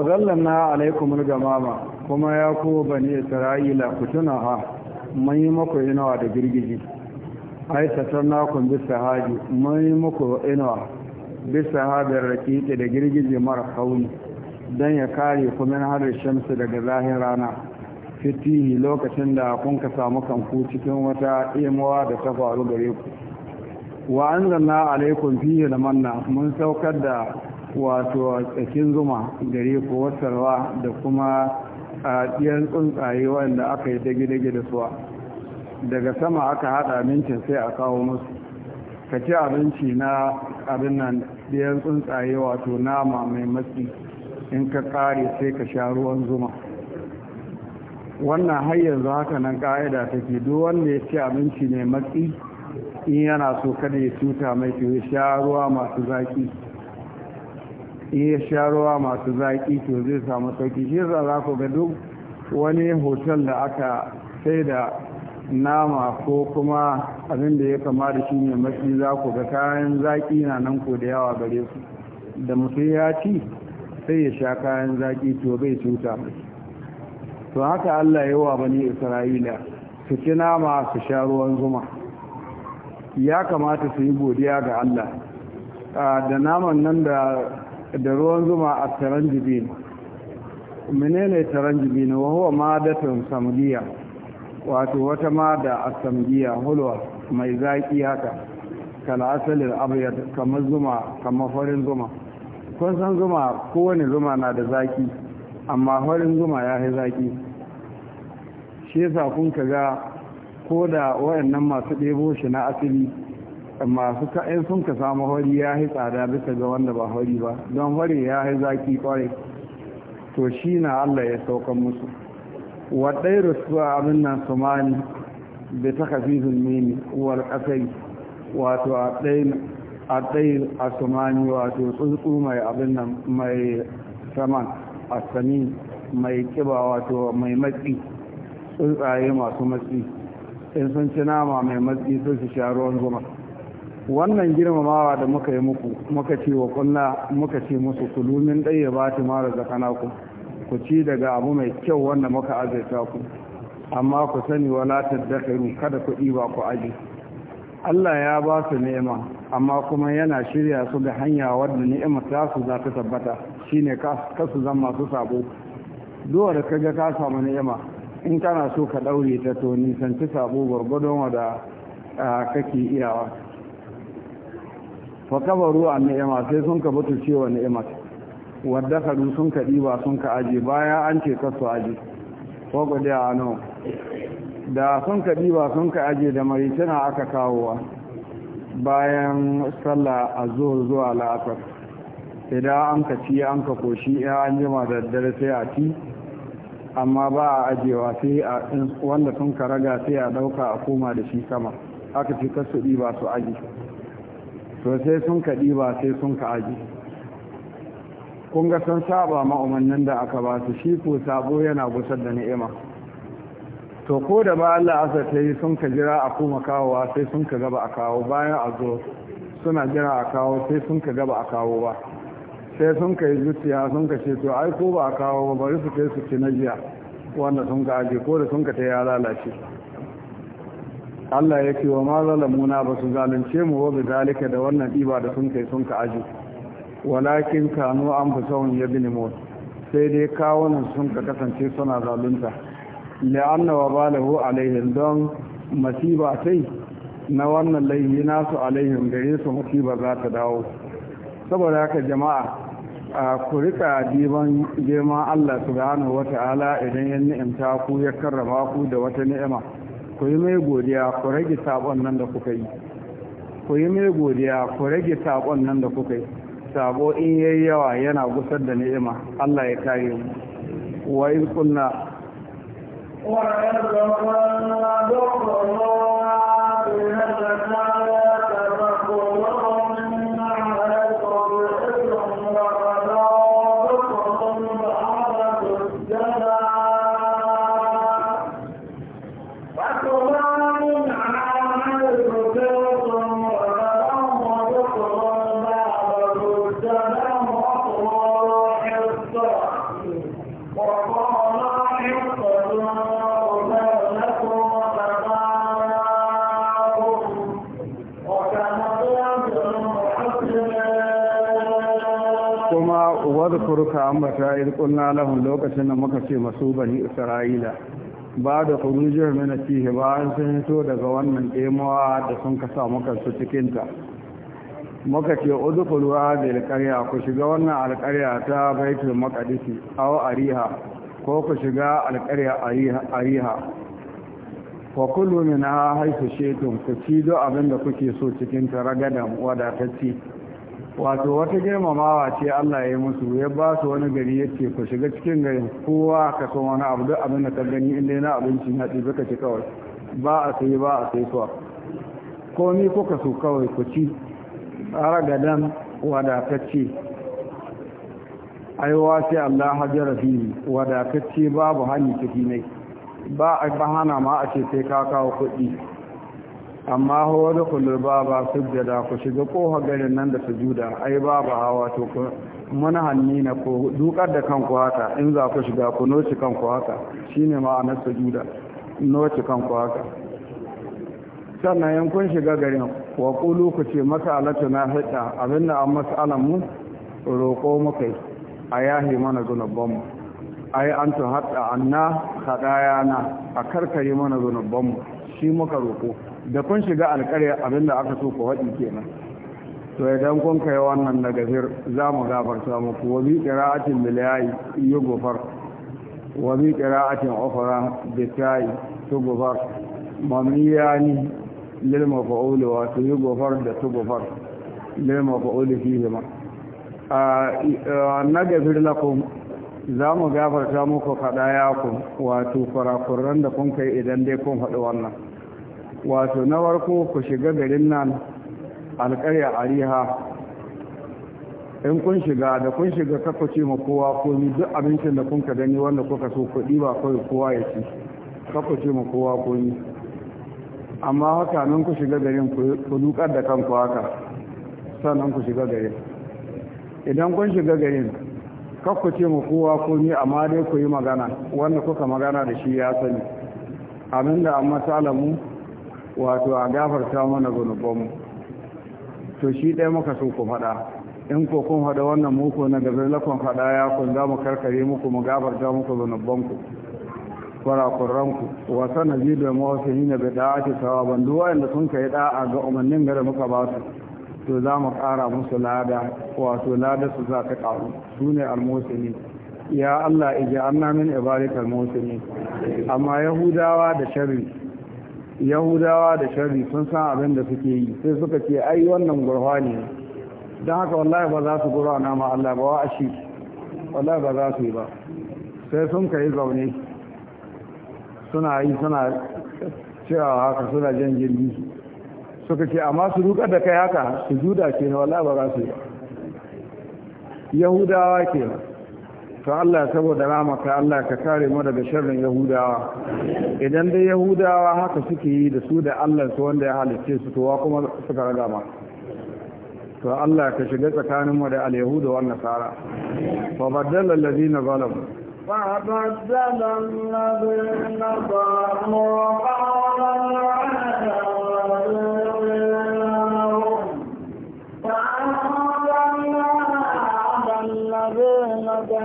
wa zallanna alaikumul gamama kuma ya ku bane isra'ila ku tuna ha mun yi muku inawa da girgiji ai satarna kun bi mun yi muku inawa bisa sahabin rakiti da girgije mara kauni don ya kare ku min harin shamsu daga zahin rana fitini lokacin da kun ka samu kanku cikin wata imawa da ta faru gare ku wa anzalna alaikum da manna, mun saukar da wato tsakin zuma gare ko wasarwa da kuma a ɗiyar tsuntsaye wanda aka yi dage-dage da suwa daga sama aka haɗa abincin sai a kawo musu ka ci abinci na abin nan ɗiyar tsuntsaye wato nama mai matsi in ka ƙare sai ka sha ruwan zuma wannan har yanzu haka nan ƙa'ida ke, duk wanda ya ci abinci mai matsi in yana so kada ya cuta mai ke sha ruwa masu zaƙi in ya sha ruwa masu zaƙi to zai samu sauƙi shi za za ku ga duk wani hotel da aka sai da nama ko kuma abin da ya kama da shi ne mafi za ku ga kayan zaƙi na nan ko da yawa gare su da mutum ya ci sai ya sha kayan zaƙi to bai cuta to haka Allah ya wa bani Isra'ila su ci nama su sha ruwan zuma ya kamata su yi godiya ga Allah ah, da naman nan da da ruwan zuma a taron taranjibin menene taranjibin wa huwa madatun samdiya wato wata mada a samdiya hulwa mai zaƙi haka kala asalin abiyar kamar zuma kamar farin zuma kun san zuma kowane zuma na da zaƙi, amma farin zuma ya yi zaƙi. shi yasa kun ka ga ko da wayannan masu ɗebo shi na asali masu ka'in sun ka samu hori ya yi tsada bisa ga wanda ba hori ba don hori ya yi zaki kwarai to shi na allah ya saukan musu waɗai rasuwa abin nan su mani bai ta kafi ne uwar ƙasai wato a ɗai a su mani wato tsuntsu mai abin nan mai saman a sami mai kiba wato mai matsi tsuntsaye masu matsi in sun ci nama mai matsi sun su sha ruwan zuma wannan girmamawa da muka yi muku muka ce wa kunna muka ce musu kulumin ɗaya ba ta mara zakana ku ku ci daga abu mai kyau wanda muka azaita ku amma ku sani wala tadakhiru kada ku ba ku aji Allah ya ba su ni'ima amma kuma yana shirya su da hanya wadda ni'ima ta su za ta tabbata shine ka su zama masu sabo duwa da kaga ka samu ni'ima in kana so ka daure ta to nisanci sabo gwargwadon da ah, kake iyawa fa kabaru an ni'ima sai sun ka batu cewa ni'ima wadda kadu sun ka diba sun ka aje baya an ce kasu aje ko ku da ano da sun ka diba sun ka aje da maritana aka kawowa bayan sallah azhur zuwa la'asar idan an ka ci an ka koshi ya an jima da daddare sai a ci amma ba a ajewa sai a wanda sun ka raga sai a dauka a koma da shi sama aka ce kasu diba su aje to sai sun ka ɗiba sai sun ka aji kun ga sun saba ma'umannin da aka ba su shi ko sabo yana gusar da ni'ima to ko da ba Allah asa ta yi sun ka jira a kuma kawowa sai sun ka gaba a kawo bayan a zo suna jira a kawo sai sun ka gaba a kawo ba sai sun ka yi zuciya sun ka ce to ai ko ba a kawo ba bari su kai su ci na jiya wanda sun ka aje ko da sun ka ta ya lalace Allah ya ce wa ma zalamuna ba su zalunce mu wabi zalika da wannan ɗiba da sun kai sun ka aji walakin kanu an fi sauran ya bini mot sai dai kawunan sun ka kasance suna zalunta la'anna wa balahu alaihim don masiba sai na wannan laifi nasu alaihim gare su masiba za ta dawo saboda haka jama'a a ku rika diban girman Allah subhanahu wata'ala idan ya ni'imta ku ya karrama ku da wata ni'ima ku yi mai godiya ku rage sabon nan da kuka yi ku yi mai godiya ku rage sabon nan da kuka yi sabo in yayi yawa yana gusar da ni'ima Allah ya kare mu wa in kunna wa Allah ambata irkunna lahun lokacin da muka ce masu bani isra'ila ba da kurujiyar mana fihe ba sun hito daga wannan ɗemawa da sun kasa muka su cikinta muka ce udukuluwa da alƙarya ku shiga wannan alƙarya ta baitul Maƙadisi, aw ariha ko ku shiga alƙarya ariha wa kullu minha haythu shaytum ku ci do abin da kuke so cikin ragadan wadatacci wato wata girmamawa ce Allah ya yi musu ya ba su wani gari ya ce ku shiga cikin garin kowa ka san wani abu duk abin da ka gani inda na abinci na ɗibi ka ci kawai ba a sai ba a sai kuwa. ni ko kuka so kawai ku ci ragadan wadatacce aiwa sai Allah hajjara fi wadatacce babu hanyar ciki ne ba a bahana ma a ce sai ka kawo kuɗi amma hawa da kullum su jada ku shiga koha garin nan da su juda. ai ba hawa to ku mana hanni na ku dukar da kanku haka in za ku shiga ku noci kanku haka shi ne ma'anar juda noci kanku haka sannan yan kun shiga garin wa kulu ku ce masalatu na abin abinda an matsalan mu roƙo muka yi a yahi mana zunubanmu ai an tun haɗa anna haɗaya na a karkare mana zunubanmu shi muka roƙo da kun shiga alƙarya abin da aka so ku ke kenan to idan kun kai wannan na gafir za mu gafarta muku wa bi ƙira'atin bil yi gufar wa bi qira'atin ukhra bi ta'i tughfar ni lil maf'ul wa gufar da tughfar lil maf'ul fihi ma na gafir lakum za mu gafarta muku kaɗayaku wato kurakuran da kun kai idan dai kun haɗu wannan wato na warko ku shiga garin nan alƙarya ariha in kun shiga da kun shiga kafa ce ma kowa komi duk abincin da kun ka gani wanda kuka so kuɗi ba kawai kowa ya ci kafa ce ma kowa komi amma haka nan ku shiga garin ku dukar da kanku haka sannan ku shiga garin idan kun shiga garin kakku ce ma kowa komi amma dai ku yi magana wanda kuka magana da shi ya sani abinda amma salamu wato a gafarta mana zunubanmu to shi ɗaya muka so ku faɗa in ko kun faɗa wannan muku na gabar lakon faɗa ya kun za mu karkare muku mu gafarta muku zunubanku kurakuranku wa sana ji da mawasahi na da ake sawaban duwa inda sun kai da'a ga umarnin gare muka ba su to za mu ƙara musu lada wato lada su za ta ƙaru su ne almusini ya Allah ija anna min ibarik almusini amma yahudawa da sharri yahudawa da shari sun san abin da suke yi sai suka ce ai wannan gurfa ne don haka wallahi ba za su gura na ma Allah ba wa ashi wallahi ba za su yi ba sai sun kai zaune suna yi suna cewa haka suna jan jirgi suka ce amma su duka da kai haka su juda ce na wallahi ba za su yi ba yahudawa kenan to Allah saboda ramaka Allah ka kare mu daga sharrin yahudawa idan dai yahudawa haka suke yi da su da Allah su wanda ya halicce su to wa kuma suka raga ma to Allah ka shiga tsakanin mu da al-yahuda wa nasara wa badalla alladhina zalamu فبدل الذين ظلموا قولا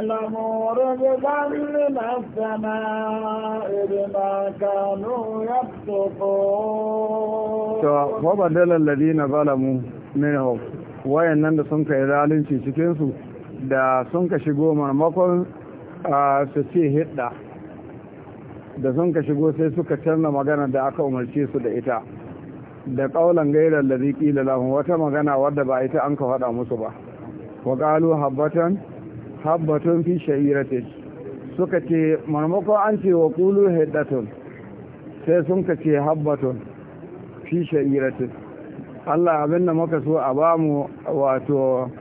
ظلموا رجبا من السماء بما كانوا يفسقون وبدل الذين ظلموا منهم wayannan da sun kai zalunci cikinsu da sun ka shigo marmakon su ce hidda da sun ka shigo sai suka canza magana da aka umarce su da ita da ƙaunar gairar da zai ƙila wata magana wadda ba ita an ka faɗa musu ba wa ƙalu habbatan habbatun fi sha'irati suka ce marmakon an ce wa kulu hiddatun sai sun ka ce habbatun fi sha'irati Allah abinda muka so a bamu wato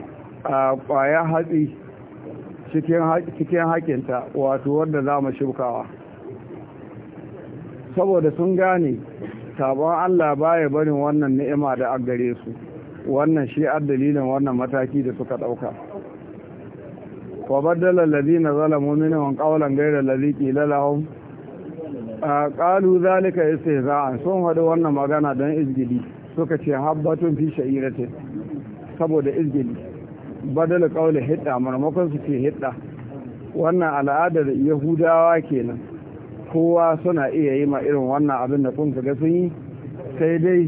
a kwaya hatsi cikin hakinta wato wadda za mu shukawa saboda sun gane sabon Allah baya barin wannan ni'ima da a gare su wannan shi dalilin wannan mataki da suka ɗauka. وبدل الذين ظلموا منهم قولا غير الذي قيل لهم قالوا ذلك استهزاء sun hadu wannan magana dan izgidi suka ce habbatun fi sha'irati saboda izgidi badala kaula hidda marmakon su ce hidda wannan al'adar yahudawa kenan kowa suna iya yi ma irin wannan abin da kun ga sun yi sai dai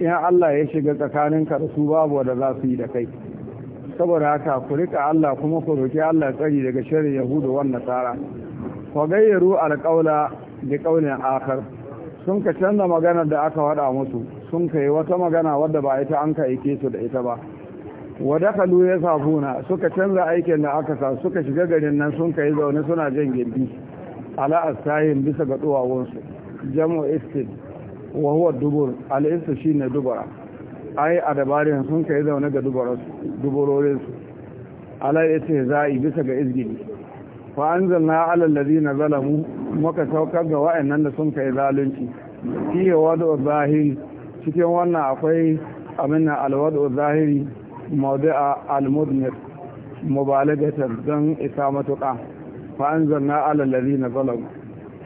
in Allah ya shiga tsakaninka da su babu wanda za su yi da kai saboda haka ku rika Allah kuma ku roki Allah tsari daga shirin yahudu wan nasara fa gayyaru alqaula bi ƙaunin akhar sun ka canza magana da aka wada musu sun kai wata magana wadda ba ita an ka aike su da ita ba wa dakalu yasafuna suka canza aikin da aka sa suka shiga garin nan sun kai zaune suna jan gindi ala asayin bisa ga duwawunsu jam'u istin wa huwa dubur al-istu shine dubara ai a dabarin sun kai zaune ga dubarorinsu alai ya ce za'i bisa ga izgini fa an zanna alallazi na zalamu maka saukar ga wa'annan da sun kai zalunci fiye wadu zahiri cikin wannan akwai amina alwadu zahiri a almudnir mubalagatar don isa matuƙa fa an zanna alallazi na zalamu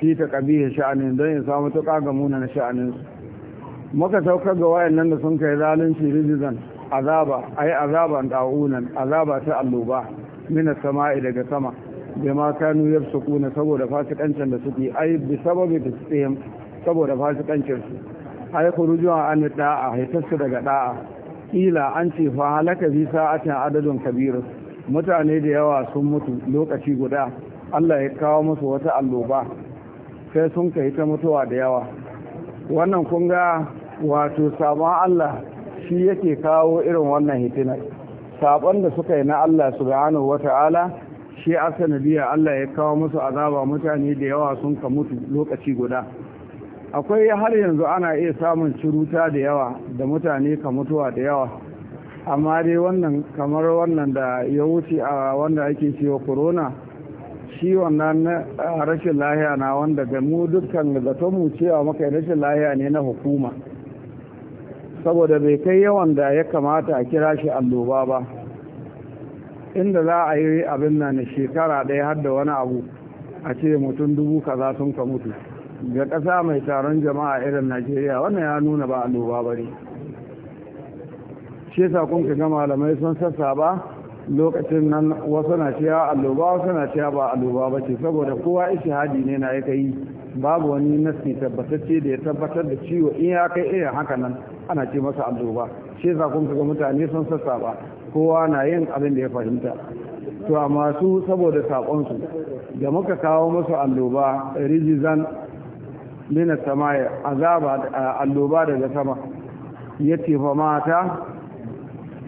fi ta ya sha'anin don isa matuƙa ga munan sha'aninsu muka saukar ga wayan nan da sun kai zalunci rizizan, azaba ai azaban ɗa'unan, azaba ta alluba mina sama'i daga sama da ma kanu su sukuna saboda fasikancin da suke ai bi sababi da su tsayin saboda fasikancin su ai kurujuwa an yi da'a haifarsu daga ɗa'a, kila an ce fa halaka bi sa'atin adadin kabiru mutane da yawa sun mutu lokaci guda Allah ya kawo musu wata alloba sai sun kai ta mutuwa da yawa wannan kun ga wato sabon Allah shi yake kawo irin wannan hitinar sabon da suka yi na Allah su subhanahu wata'ala shi asanadiya Allah ya kawo musu azaba mutane da yawa sun ka mutu lokaci guda akwai har yanzu ana iya samun ciruta da yawa da mutane ka mutuwa da yawa amma dai wannan kamar wannan da ya wuce a wanda ake cewa corona shi wannan rashin lahiya na wanda da mu dukkan zaton mu cewa maka rashin lahiya ne na hukuma saboda bai kai yawan da ya kamata a kira shi alloba ba inda za a yi abin nan shekara ɗaya har da wani abu a ce mutum dubu kaza sun ka mutu ga ƙasa mai taron jama'a irin najeriya wannan ya nuna ba alloba ba ne shi yasa ga malamai sun sassa ba lokacin nan wasu na ciya alloba wasu na ciya ba alloba ba ce saboda kowa ishihadi ne na ya kai babu wani nasi tabbatacce da ya tabbatar da ciwo in ya kai irin haka nan ana ce masa ba shi yasa kun ga mutane sun ba kowa na yin abin da ya fahimta to amma su saboda saƙonsu da muka kawo musu alloba rijizan min samaya azaba eh, alloba daga sama ce fa mata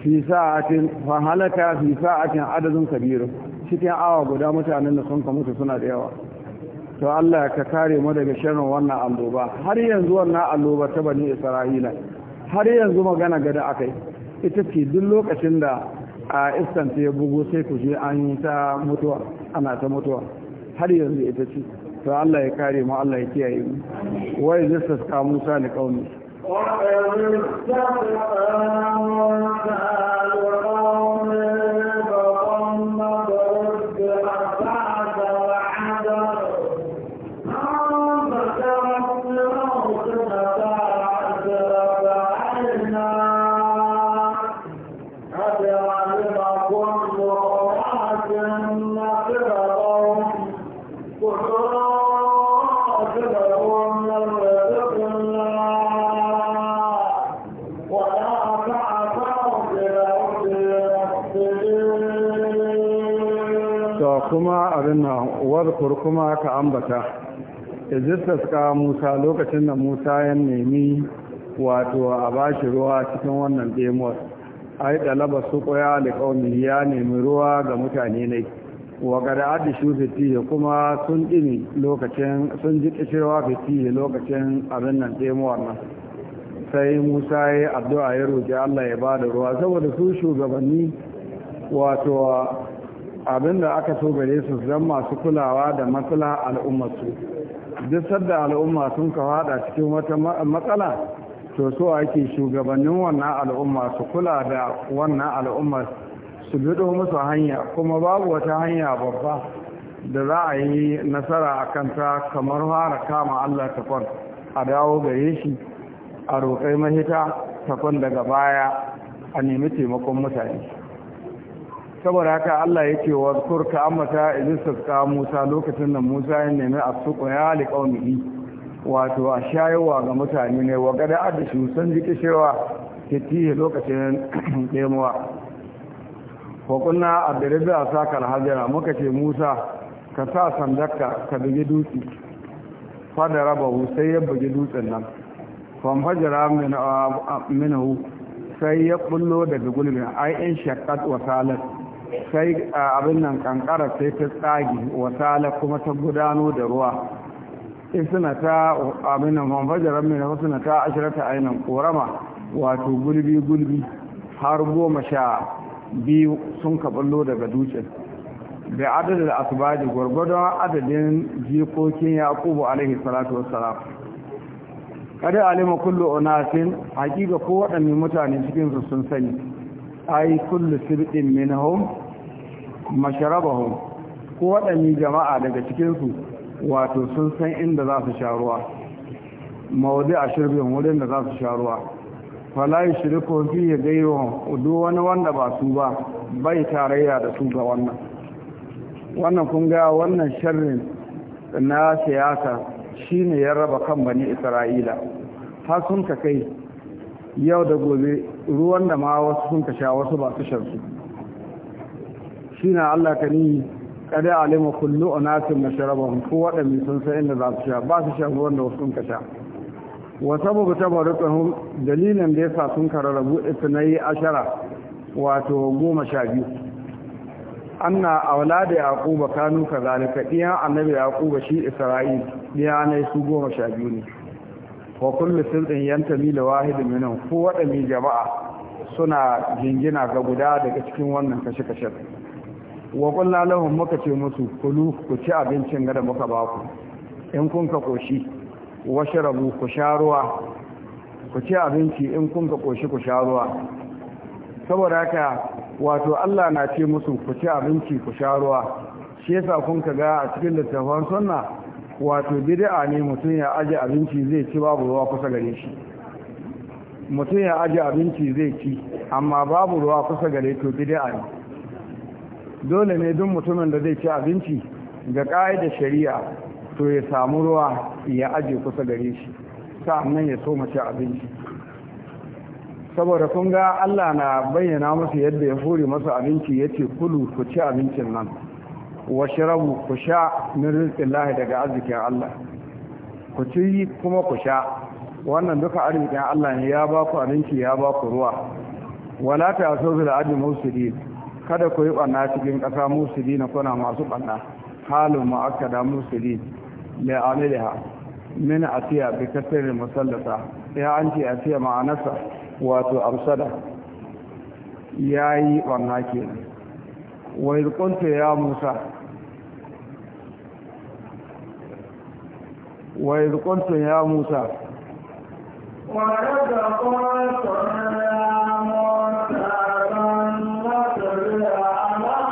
fi sa'atin fa halaka fi sa'atin adadun kabiru cikin awa guda mutanen da sun ka mutu suna da yawa to Allah ka kare mu daga shirin wannan alloba har yanzu wannan alloba ta bani Isra'ila har yanzu magana gada akai ita ce duk lokacin da a istanta ya bugu sai ku je an yi ta mutuwa ana ta mutuwa har yanzu ita ce to Allah ya kare mu Allah ya kiyaye mu wai zai ka Musa ne kauni wadkur kuma ka ambata izistas ka musa lokacin da musa ya nemi wato a bashi ruwa cikin wannan demo ai dalaba su koya alƙawmi ya nemi ruwa ga mutane ne wa gada adi shu kuma sun dini lokacin sun ji kishirwa fitiye lokacin abin nan demuwar nan sai musa ya addu'a ya roƙi allah ya bada ruwa saboda su shugabanni wato abin da aka so gare su zan masu kulawa da matsala al'ummarsu duk sadda al'umma sun ka fada cikin wata matsala to so ake shugabannin wannan al'umma su kula da wannan al'umma su bido musu hanya kuma babu wata hanya babba da za a yi nasara a kanta kamar fara kama Allah takwan a dawo gare shi a roƙai mahita takwan daga baya a nemi taimakon mutane saboda haka Allah ya ke wa kurka amata idisas ka Musa lokacin nan Musa ya nemi a suku ya li qaumihi wato a shayowa ga mutane ne wa gada adishu jiki ji ke titi lokacin demuwa wa kunna abdurrabi saka alhajara muka ce Musa ka sa sandarka ka bugi dutse fada hu, sai ya bugi dutsen nan famfajara minahu sai ya kullo daga gulbin ai in shakkat wa salat sai abin nan kankara sai ta tsagi wasala kuma ta gudano da ruwa suna ta abin nan manfajarar mai suna ta ashirata ainihin korama wato gulbi-gulbi har goma sha biyu sun kaɓallo daga dutsen da adadin asibadi gwargwadon adadin jikokin yakubu alaihi salatu wassalam kada alima kullu onasin hakika ko waɗannan mutane cikinsu sun sani ai kullu sirɗin minhum masharabahum ko waɗanne jama'a daga cikinsu wato sun san inda za su sha ruwa mawadi a shirbin wurin da za su sha ruwa fala yi shirko fi ya gaiwa duk wani wanda ba su ba bai tarayya da su ga wannan wannan kun ga wannan sharrin na siyasa shine ya raba kan bani isra'ila har sun ka kai yau da gobe ruwan da ma wasu sun ka sha wasu ba su shan su shine Allah ka ni kada alimu kullu unasin masharabahum ko mi sun san inda za su sha ba su sha ruwan da sun ka sha wa sababu tabarruqahum dalilan da yasa sun bu itnai ashara wato goma sha biyu anna aulada yaquba kanu kazalika iya annabi yaquba shi isra'il ne su goma sha biyu ne wa kullu sirrin yantami la wahid minhum ko mi jama'a suna jingina ga guda daga cikin wannan kashe kashe wa qulna lahum muka ce musu kulu ku ci abincin gada muka ba ku in kun ka koshi washrabu ku sha ruwa ku ci abinci in kun ka koshi ku sha ruwa saboda haka wato Allah na ce musu ku ci abinci ku sha ruwa shi yasa kun ka ga a cikin littafin sunna wato bid'a ne mutum ya aje abinci zai ci babu ruwa kusa gare shi mutum ya aje abinci zai ci amma babu ruwa kusa gare to bid'a ne dole ne duk mutumin da zai ci abinci ga da shari'a to ya samu ruwa ya aje kusa gare shi nan ya soma ci abinci saboda kun ga Allah na bayyana musu yadda ya hore musu abinci ya ce kulu ku ci abincin nan wa shirabu ku sha min rizqin lahi daga arzikin Allah ku ci kuma ku sha wannan duka arzikin Allah ne ya ba ku abinci ya ba ku ruwa wala ta bil ajmi musulmin kada ku yi ɓanna cikin ƙasa musuli na kuna masu ɓanna halin ma'akada musuli da amiliha min asiya bi kasar musallata ya an ce asiya ma'anarsa wato amsada ya yi ɓanna kenan wai irkunta ya musa wai irkunta ya musa wa daga kuma ya تبع أمامك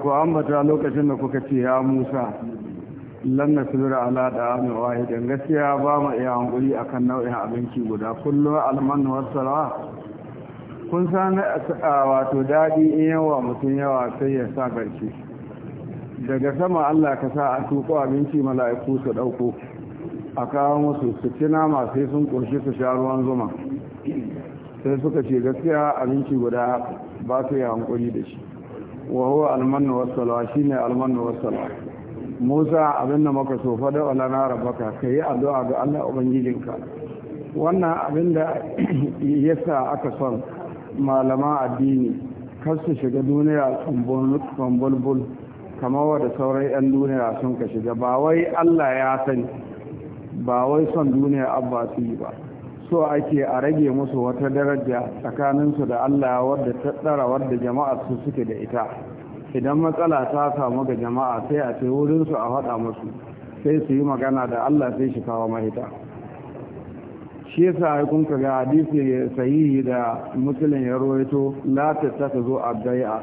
ku ambata lokacin da kuka ce ya musa lan na sura ala da amin wahidan gaskiya ba mu iya hankuri akan nau'in abinci guda kullum alman wasara kun san wato daɗi in yawa mutum yawa sai ya sa garki daga sama Allah ka sa a tuko abinci mala'iku su ɗauko a kawo musu su ci nama sai sun ƙunshi su sha ruwan zuma sai suka ce gaskiya abinci guda ba su yi hankuri da shi wa huwa almanu shi shine almanu wassalwa Musa abinda muka maka so fada wa lana rabbaka ka yi addu'a ga Allah ubangijinka wannan abin da <clears throat> yasa aka son malama addini kar su shiga duniya tsambulbul kamar wadda sauran 'yan duniya sun ka shiga ba wai Allah ya sani ba wai son duniya abba su yi ba so ake a rage musu wata daraja tsakaninsu da Allah wadda ta tsara wadda jama'a su suke da ita idan matsala ta samu ga jama'a sai a ce wurinsu a faɗa musu sai su yi magana da Allah sai shi kawo mahita shi yasa kun ga hadisi sahihi da musulun ya rawaito la ta zo abdai'a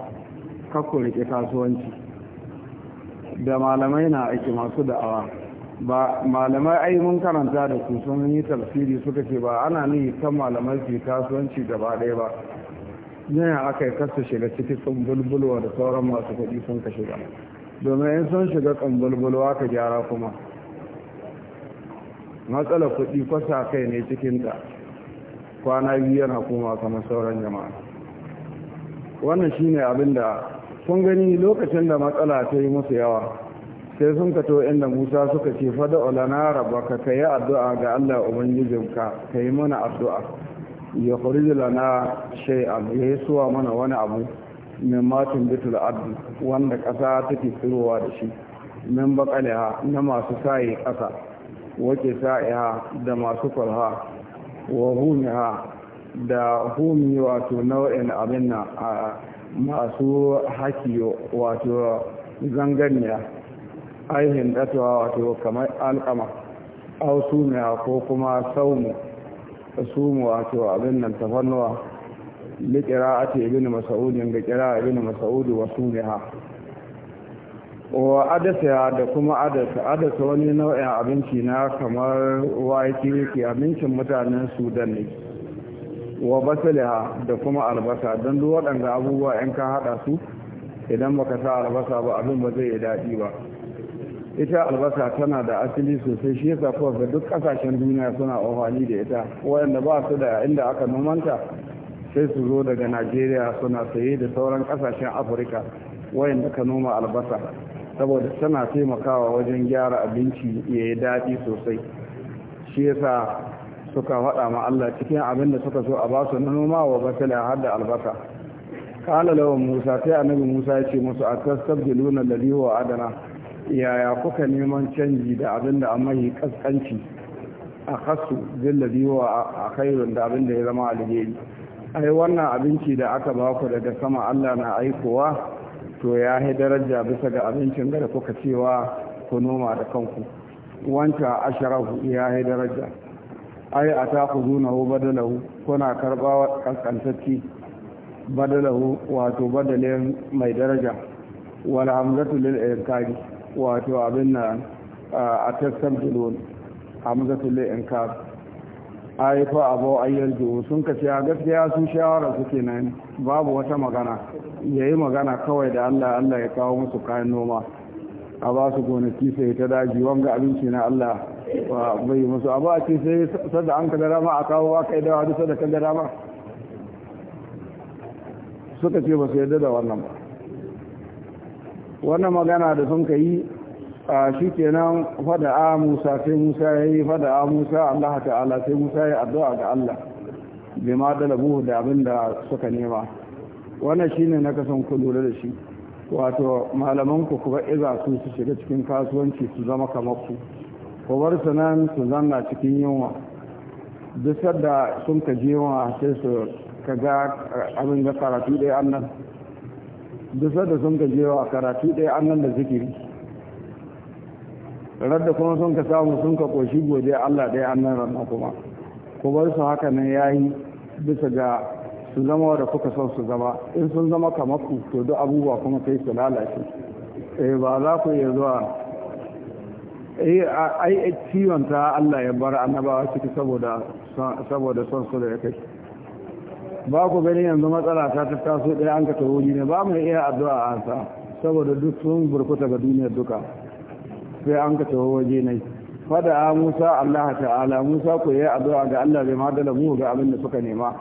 kakku rike kasuwanci da malamai na aiki masu da'awa ba malamai ai mun karanta da su sun yi tafsiri suka ce ba ana ni kan malamai ke kasuwanci gaba ɗaya ba yana aka yi kasta shiga cikin tsumbulbulwa da sauran masu kuɗi sun ka shiga domin in sun shiga tsumbulbulwa ka gyara kuma matsala kuɗi kwasa kai ne cikinta kwana biyu yana koma kamar sauran jama'a wannan shine abin da kun gani lokacin da matsala ta yi musu yawa sai sun ka to inda musa suka ce fada olana raba ka ka yi addu'a ga allah ubangijinka ka yi mana addu'a ya kuri lana abu ya yi suwa mana wani abu min matin bitul abdi wanda ƙasa ke tsirowa da shi min ha na masu saye ƙasa wake ha da masu kwalha wa ha da humi wato nau'in abin na masu haki wato zanganiya ainihin datuwa wato kamar alkama au sumiya ko kuma saumu sumu wato abin nan tafannuwa li qira'ati ibn mas'ud ga kira ibn masaudi wa ha wa adasa da kuma adasa adasa wani nau'in abinci na kamar wake ke abincin mutanen sudan ne wa basaliha da kuma albasa don duk waɗanda abubuwa 'yan ka haɗa su idan baka sa albasa ba abin ba zai yi daɗi ba ita albasa tana da asali sosai shi yasa kuwa ga duk kasashen duniya suna amfani da ita wayanda ba su da inda aka nomanta sai su zo daga najeriya suna saye da sauran kasashen afirka wayanda ka noma albasa saboda tana taimakawa wajen gyara abinci ya yi daɗi sosai shi yasa suka faɗa ma Allah cikin abin da suka so a ba su na noma wa basala har da albasa kala lawan musa sai annabi musa ya ce musu a da ladhi huwa adana yaya kuka neman canji da abin da amai kaskanci a kasu zillabi wa a kairun da abin da ya zama alheri ai wannan abinci da aka ba ku daga sama allah na aikowa to ya yi daraja bisa ga abincin da kuka cewa ku noma da kanku wanta asharahu ya yi daraja ai a ta ku zunahu badalahu kuna karba kaskantacci badalahu wato badalin mai daraja wala hamzatu lil inkari wato abin nan a in ka A yi fa abu ayyar juhu sun ce a gaskiya su shawara suke nan babu wata magana ya yi magana kawai da Allah Allah ya kawo musu kayan noma a ba su gonaki sai ta daji wanga abinci na Allah bai musu abu a ce sai sada an ka ma a kawo wa kai da wani sada ka ma? suka ce ba su yarda da wannan ba wannan magana da sun ka yi a shi fada A musa sai musa ya yi fada A musa allah ta'ala sai musa ya addu'a ga allah bai ma labu da abin da suka nema wannan shi ne na kasan da shi wato malaman ku iza su su shiga cikin kasuwanci su zama kamar ku ku bar su nan su zanna cikin yunwa duk sadda sun ka je yunwa sai su kaga abin da karatu ɗaya annan duk da sun ka jewa karatu ɗaya an nan da zikiri da kuma sun ka samu sun ka ƙoshi gode allah ɗaya an nan ranar kuma ku bar su haka nan ya yi bisa ga su zama wadda kuka son su zama in sun zama kamar ku to duk abubuwa kuma kai su lalace eh ba za ku iya zuwa eh, ai ciwon ta allah ya bar annabawa ciki saboda son su da ya kai ba ku gani yanzu matsala ta ta taso ɗaya an ka taho ne ba mu iya addu'a a sa saboda duk sun burkuta ga duniyar duka sai an ka taho waje ne fada musa allah ta'ala musa ku yi addu'a ga allah bai ma dala mu ga abin da suka nema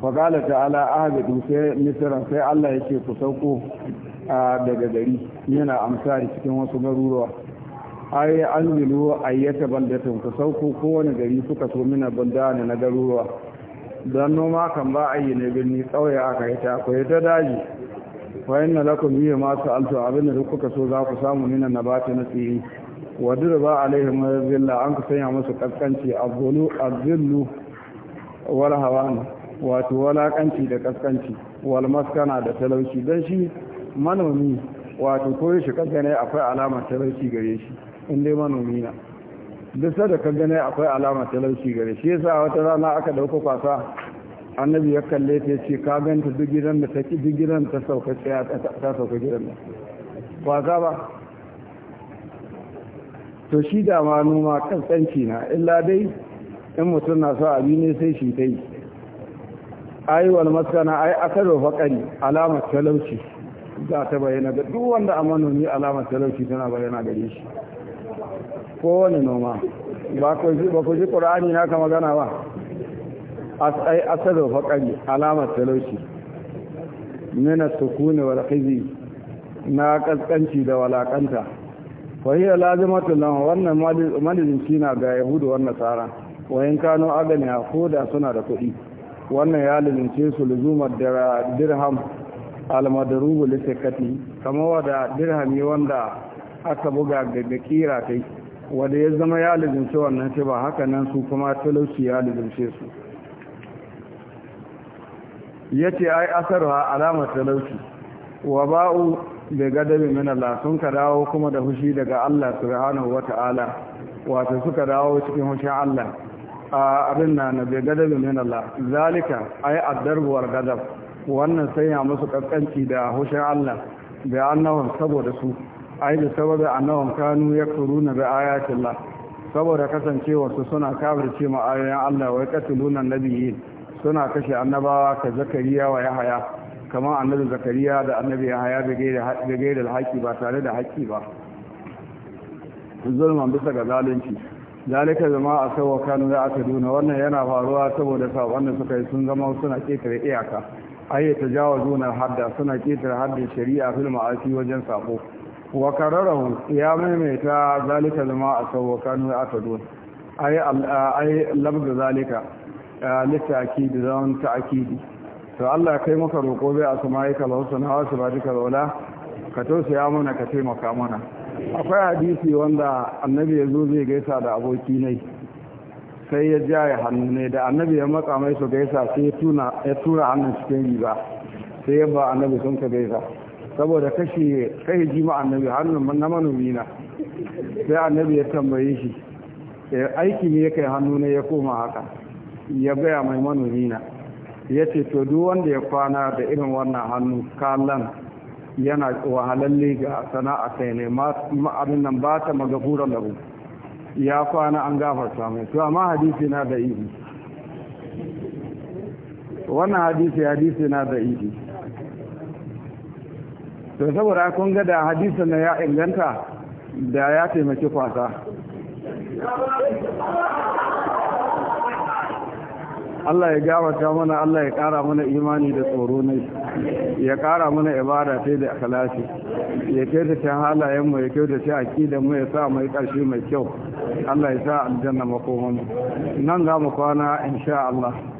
fa qala ta'ala ahadu sai misra sai allah yake ku sauko daga gari yana amsa cikin wasu garuruwa ai an ayyata baldatin ku sauko kowane gari suka so mina baldana na garuruwa don noma kan ba a yi na birni ƙauye aka yi ta ku ta daji wayan na lakum yi masu alto abin da duk kuka so za ku samu nuna na bata na tsiri wadda ba alaihim zilla an ku sanya musu kaskanci azulu azillu wal hawan wato walakanci da kaskanci wal maskana da talauci dan shi manomi wato ko shi ne akwai alamar talauci gare shi in dai manomi na duk da ka gane akwai alama talauci gare shi yasa wata rana aka dauko kwasa annabi ya kalle ta ce ka ganta duk gidan da ta duk gidan ta sauka tsaya ta sauka gidan da kwasa ba to shi da ma noma tsanci na illa dai in mutum na so abi ne sai shi ta yi ai wal maskana ai aka akaro fakari alamar talauci za ta bayyana ga duk wanda a manomi alamar talauci tana bayyana gare shi kowane noma ba ku ji ba ku ji qur'ani na ka magana ba asai asalu faqari alamat talauci min as-sukuni wal na kaskanci da walakanta fa hiya lazimatu lahum wannan malizin kina ga yahudu wannan tsara. wa in agani a koda suna da kuɗi wannan ya lizince su luzumar dirham almadrubu madrubu li kamar wada dirhami wanda aka buga da kira kai wanda ya zama ya lizimce wannan ce ba haka nan su kuma talauci ya lizimce su ya ce ai asarwa alamar talauci wa ba'u da gadabi min Allah sun ka dawo kuma da hushi daga Allah subhanahu wata'ala su suka dawo cikin hushin Allah a abin na na bai gadabi min Allah zalika ai addarbuwar gadab wannan sanya musu kaskanci da hushin Allah da annawan saboda su ai da saboda annahum kanu na bi ayatun la saboda kasancewarsu suna kafirce ma ayoyin Allah wai qatluna nabiyyin suna kashe annabawa ka zakariya wa yahaya kamar annabi zakariya da annabi yahaya da gaida da ba tare da haƙi ba zulman bisa ga zalunci zalika zama a sauwa kanu da aka duna wannan yana faruwa saboda sabon da suka yi sun zama suna ƙetare iyaka ai ya tajawazu na hadda suna ƙetare haddin shari'a fil ma'asi wajen sako wa ya maimaita zalika zama a sauwakanu ya atadun ai labda zalika littaki da zaman ta'akidi to Allah kai maka roƙo bai a sama yi kalausun hawa su ba duka zaula ka ya mana ka taimaka mana akwai hadisi wanda annabi ya zo zai gaisa da aboki ne sai ya ja ya hannu ne da annabi ya matsa mai su gaisa sai ya tura hannun cikin riba sai ya ba annabi sun ka gaisa saboda kashe kai ma annabi hannun na manomi na sai annabi ya tambaye shi eh, aiki ne ya kai hannu ne ya koma haka ya gaya mai manomi na ya ce to duk wanda ya kwana da irin wannan hannu kalan yana wahalalle ga sana'a kai ne abin nan ba ta da ku. ya kwana an gafarta mai to amma hadisi na da ibi wannan hadisi hadisi na da ibi to saboda kun ga da na ya inganta da ya taimaki kwasa Allah ya gabata mana Allah ya kara mana imani da tsoro ne ya kara mana ibada sai da akalashi ya halayen halayenmu ya kyautace mu ya sa mai ƙarshe mai kyau Allah ya sa aljanna makomanmu nan za mu kwana insha Allah